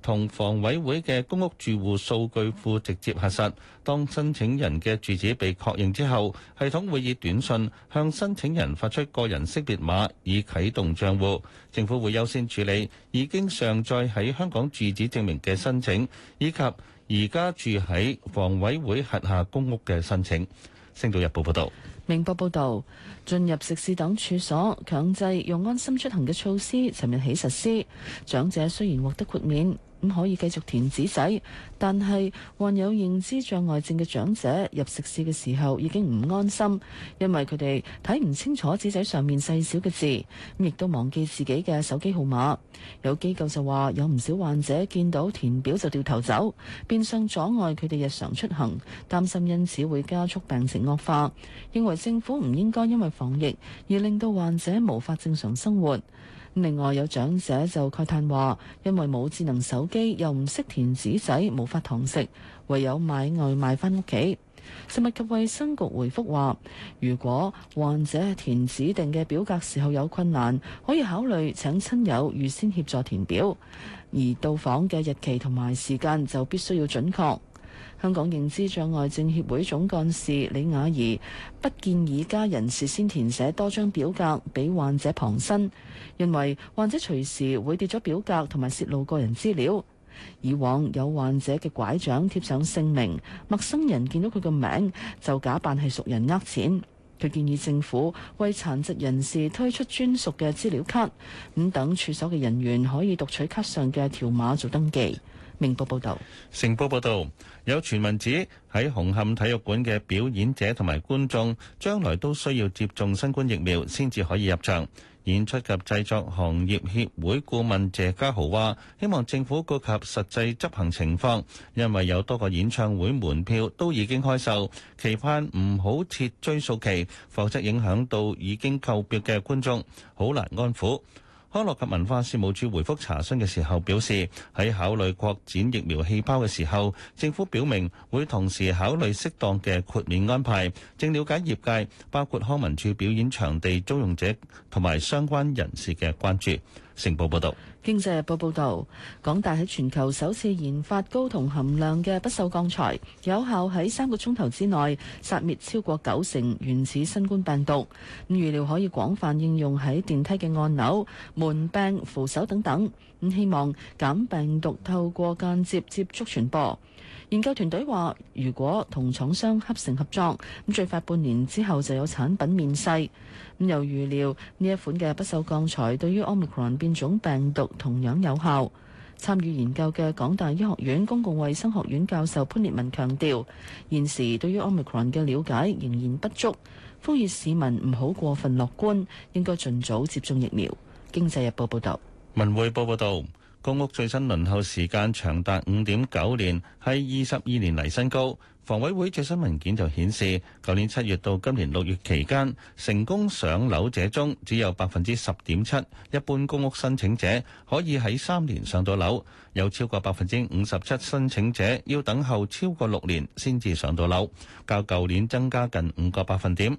同房委會嘅公屋住戶數據庫直接核實。當申請人嘅住址被確認之後，系統會以短信向申請人發出個人識別碼，以啟動賬戶。政府會優先處理已經上載喺香港住址證明嘅申請，以及而家住喺房委會轄下公屋嘅申請。星島日報報道。明報報道，進入食肆等處所強制用安心出行嘅措施，尋日起實施。長者雖然獲得豁免。咁可以繼續填紙仔，但係患有認知障礙症嘅長者入食肆嘅時候已經唔安心，因為佢哋睇唔清楚紙仔上面細小嘅字，亦都忘記自己嘅手機號碼。有機構就話有唔少患者見到填表就掉頭走，變相阻礙佢哋日常出行，擔心因此會加速病情惡化，認為政府唔應該因為防疫而令到患者無法正常生活。另外有長者就慨嘆話，因為冇智能手機又唔識填紙仔，無法堂食，唯有買外賣返屋企。食物及衞生局回覆話，如果患者填指定嘅表格時候有困難，可以考慮請親友預先協助填表，而到訪嘅日期同埋時間就必須要準確。香港認知障礙症協會總幹事李雅怡不建議家人事先填寫多張表格俾患者傍身，認為患者隨時會跌咗表格同埋泄露個人資料。以往有患者嘅拐杖貼上姓名，陌生人見到佢個名就假扮係熟人呃錢。佢建議政府為殘疾人士推出專屬嘅資料卡，咁等處所嘅人員可以讀取卡上嘅條碼做登記。明報報導，成報報導，有傳聞指喺紅磡體育館嘅表演者同埋觀眾，將來都需要接種新冠疫苗先至可以入場。演出及製作行業協會顧問謝家豪話：希望政府顧及實際執行情況，因為有多個演唱會門票都已經開售，期盼唔好設追溯期，否則影響到已經購票嘅觀眾，好難安撫。康樂及文化事務署，回覆查詢嘅時候表示，喺考慮擴展疫苗氣泡嘅時候，政府表明會同時考慮適當嘅豁免安排。正了解業界，包括康文署表演場地租用者同埋相關人士嘅關注。成報報導，《經濟日報》報道：港大喺全球首次研發高銅含量嘅不鏽鋼材，有效喺三個鐘頭之內殺滅超過九成原始新冠病毒。咁預料可以廣泛應用喺電梯嘅按鈕、門柄、扶手等等。咁希望減病毒透過間接接觸傳播。研究團隊話，如果同廠商合成合作，咁最快半年之後就有產品面世。咁又預料呢一款嘅不鏽鋼材對於 Omicron 變種病毒同樣有效。參與研究嘅港大醫學院公共衛生學院教授潘烈文強調，現時對於 Omicron 嘅了解仍然不足，呼籲市民唔好過分樂觀，應該儘早接種疫苗。經濟日報報道。文匯報報道。公屋最新輪候時間長達五點九年，係二十二年嚟新高。房委會最新文件就顯示，舊年七月到今年六月期間，成功上樓者中只有百分之十點七，一般公屋申請者可以喺三年上到樓，有超過百分之五十七申請者要等候超過六年先至上到樓，較舊年增加近五個百分點。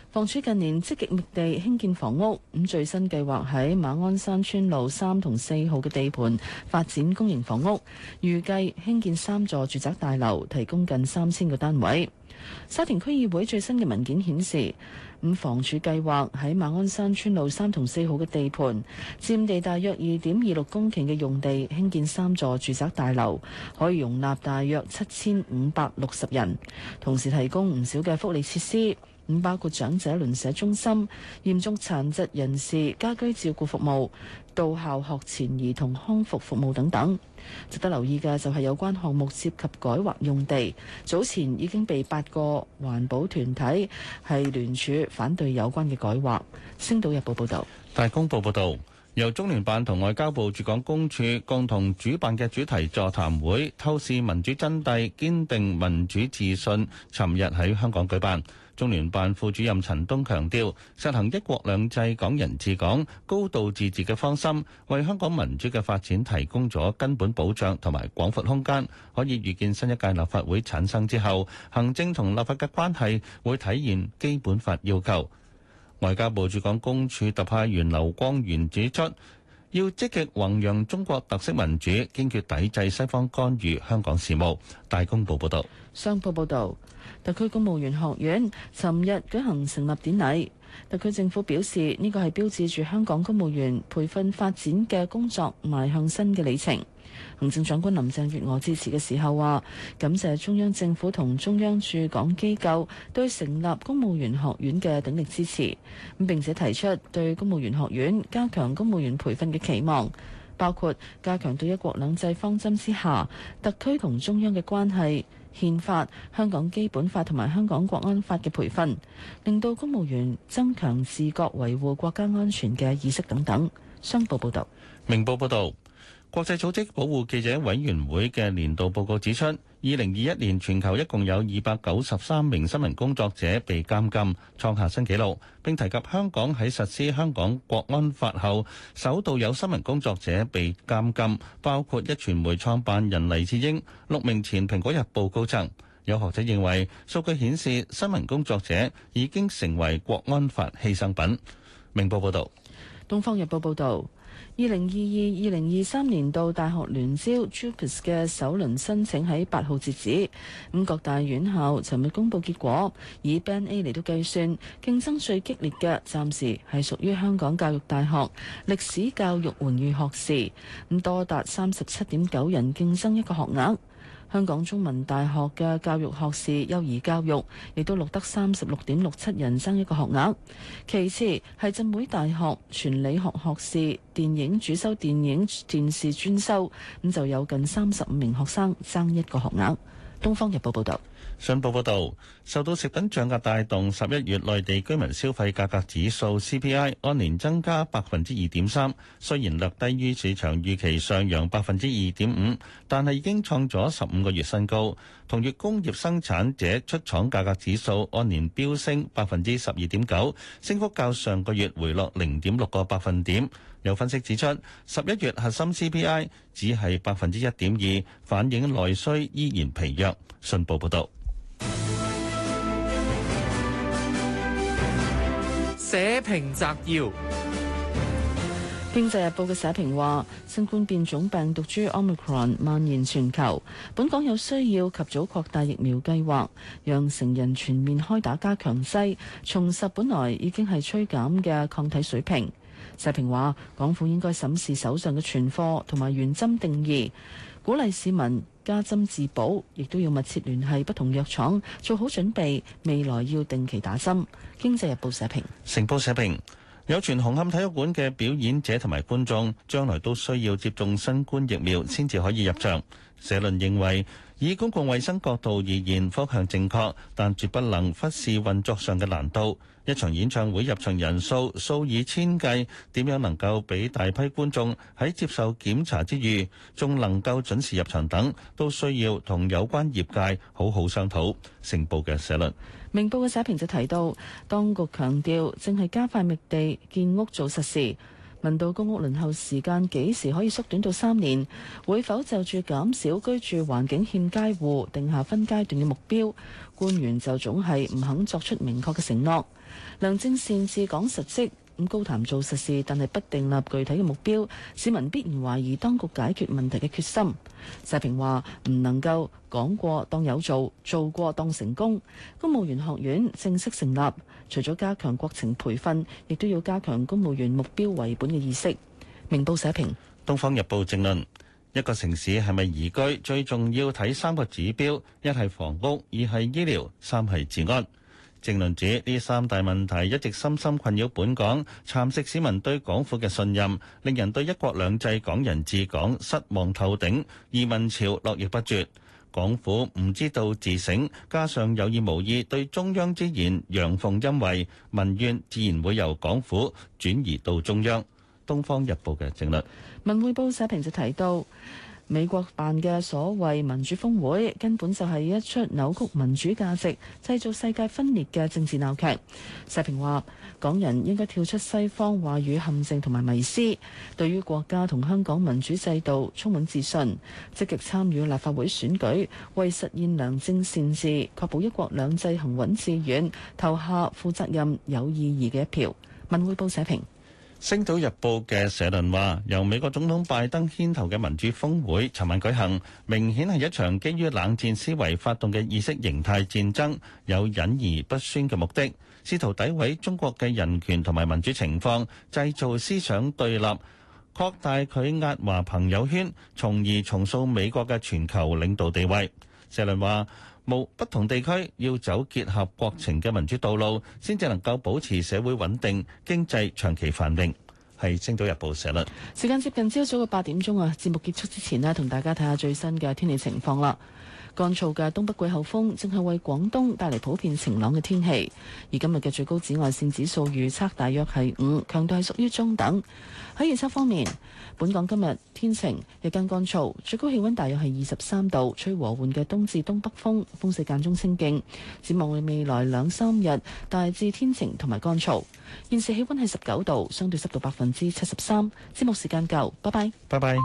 房署近年積極覓地興建房屋，咁最新計劃喺馬鞍山村路三同四號嘅地盤發展公營房屋，預計興建三座住宅大樓，提供近三千個單位。沙田區議會最新嘅文件顯示，咁房署計劃喺馬鞍山村路三同四號嘅地盤佔地大約二點二六公頃嘅用地，興建三座住宅大樓，可以容納大約七千五百六十人，同時提供唔少嘅福利設施。咁包括長者鄰舍中心、嚴重殘疾人士家居照顧服務、到校學前兒童康復服務等等，值得留意嘅就係有關項目涉及改劃用地，早前已經被八個環保團體係聯署反對有關嘅改劃。星島日報報導，大公報報導，由中聯辦同外交部駐港公署共同主辦嘅主題座談會《透視民主真諦，堅定民主自信》，尋日喺香港舉辦。中聯辦副主任陳東強調，實行一國兩制、港人治港、高度自治嘅方針，為香港民主嘅發展提供咗根本保障同埋廣闊空間。可以預見新一屆立法會產生之後，行政同立法嘅關係會體現基本法要求。外交部駐港公署特派員劉光源指出。要積極弘揚中國特色民主，堅決抵制西方干預香港事務。大公報報道，商報報道，特區公務員學院尋日舉行成立典禮，特區政府表示呢個係標誌住香港公務員培訓發展嘅工作邁向新嘅里程。行政長官林鄭月娥致辭嘅時候話：感謝中央政府同中央駐港機構對成立公務員學院嘅鼎力支持，咁並且提出對公務員學院加強公務員培訓嘅期望，包括加強對一國兩制方針之下特區同中央嘅關係、憲法、香港基本法同埋香港國安法嘅培訓，令到公務員增強自覺維護國家安全嘅意識等等。商報報導，明報報導。國際組織保護記者委員會嘅年度報告指出，二零二一年全球一共有二百九十三名新聞工作者被監禁，創下新紀錄。並提及香港喺實施香港國安法後，首度有新聞工作者被監禁，包括一傳媒創辦人黎智英、六名前《蘋果日報》高層。有學者認為，數據顯示新聞工作者已經成為國安法犧牲品。明報報導，《東方日報》報導。二零二二、二零二三年度大學聯招 JUPAS 嘅首輪申請喺八號截止，咁各大院校尋日公布結果，以 Band A 嚟到計算，競爭最激烈嘅暫時係屬於香港教育大學歷史教育榮譽學士，咁多達三十七點九人競爭一個學額。香港中文大學嘅教育學士、幼兒教育，亦都錄得三十六點六七人爭一個學額。其次係浸會大學全理學學士、電影主修電影、電影電視專修，咁就有近三十五名學生爭一個學額。東方日報報道。信報報道，受到食品漲價帶動，十一月內地居民消費價格指數 CPI 按年增加百分之二點三，雖然略低於市場預期上揚百分之二點五，但係已經創咗十五個月新高。同月工業生產者出廠價格指數按年飆升百分之十二點九，升幅較上個月回落零點六個百分點。有分析指出，十一月核心 CPI 只係百分之一點二，反映內需依然疲弱。信報報道。社評摘要：經濟日報嘅社評話，新冠變種病毒株 Omicron 蔓延全球，本港有需要及早擴大疫苗計劃，讓成人全面開打加強劑，重拾本來已經係趨減嘅抗體水平。社評話，港府應該審視手上嘅存貨同埋原針定義，鼓勵市民。加針自保，亦都要密切聯繫不同藥廠做好準備。未來要定期打針。經濟日報社評。成報社評，有傳紅磡體育館嘅表演者同埋觀眾，將來都需要接種新冠疫苗先至可以入場。社論認為，以公共衛生角度而言，方向正確，但絕不能忽視運作上嘅難度。一場演唱會入場人數數以千計，點樣能夠俾大批觀眾喺接受檢查之餘仲能夠準時入場等，都需要同有關業界好好商討。成報嘅社論。明報嘅社評就提到，當局強調正係加快覓地建屋做實事。問到公屋輪候時間幾時可以縮短到三年，會否就住減少居住環境欠佳戶，定下分階段嘅目標，官員就總係唔肯作出明確嘅承諾。梁政善至講實績。高談做實事，但係不訂立具體嘅目標，市民必然懷疑當局解決問題嘅決心。社評話：唔能夠講過當有做，做過當成功。公務員學院正式成立，除咗加強國情培訓，亦都要加強公務員目標為本嘅意識。明報社評，東方日報政論：一個城市係咪宜居，最重要睇三個指標，一係房屋，二係醫療，三係治安。政論指呢三大問題一直深深困擾本港，蠶食市民對港府嘅信任，令人對一國兩制、港人治港失望透頂，移民潮絡繹不絕。港府唔知道自省，加上有意無意對中央之言陽奉陰違，民怨自然會由港府轉移到中央。《東方日報》嘅政論。文匯報社評就提到。美國辦嘅所謂民主峰會，根本就係一出扭曲民主價值、製造世界分裂嘅政治鬧劇。社評話：港人應該跳出西方話語陷阱同埋迷思，對於國家同香港民主制度充滿自信，積極參與立法會選舉，為實現良政善治、確保一國兩制行穩致遠，投下負責任、有意義嘅一票。文匯報社評。《星島日報》嘅社論話，由美國總統拜登牽頭嘅民主峰會，尋晚舉行，明顯係一場基於冷戰思維發動嘅意識形態戰爭，有隱而不宣嘅目的，試圖詆毀中國嘅人權同埋民主情況，製造思想對立，擴大佢壓華朋友圈，從而重塑美國嘅全球領導地位。社論話。冇不同地區要走結合國情嘅民主道路，先至能夠保持社會穩定、經濟長期繁榮。係《星島日報》寫啦。時間接近朝早嘅八點鐘啊，節目結束之前呢，同大家睇下最新嘅天氣情況啦。乾燥嘅東北季候風正係為廣東帶嚟普遍晴朗嘅天氣，而今日嘅最高紫外線指數預測大約係五，強度係屬於中等。喺預測方面，本港今日天，天晴，日間乾燥，最高氣温大約係二十三度，吹和緩嘅東至東北風，風勢間中清勁。展望未來兩三日，大致天晴同埋乾燥。現時氣温係十九度，相對濕度百分之七十三。節目時間夠，拜拜。拜拜。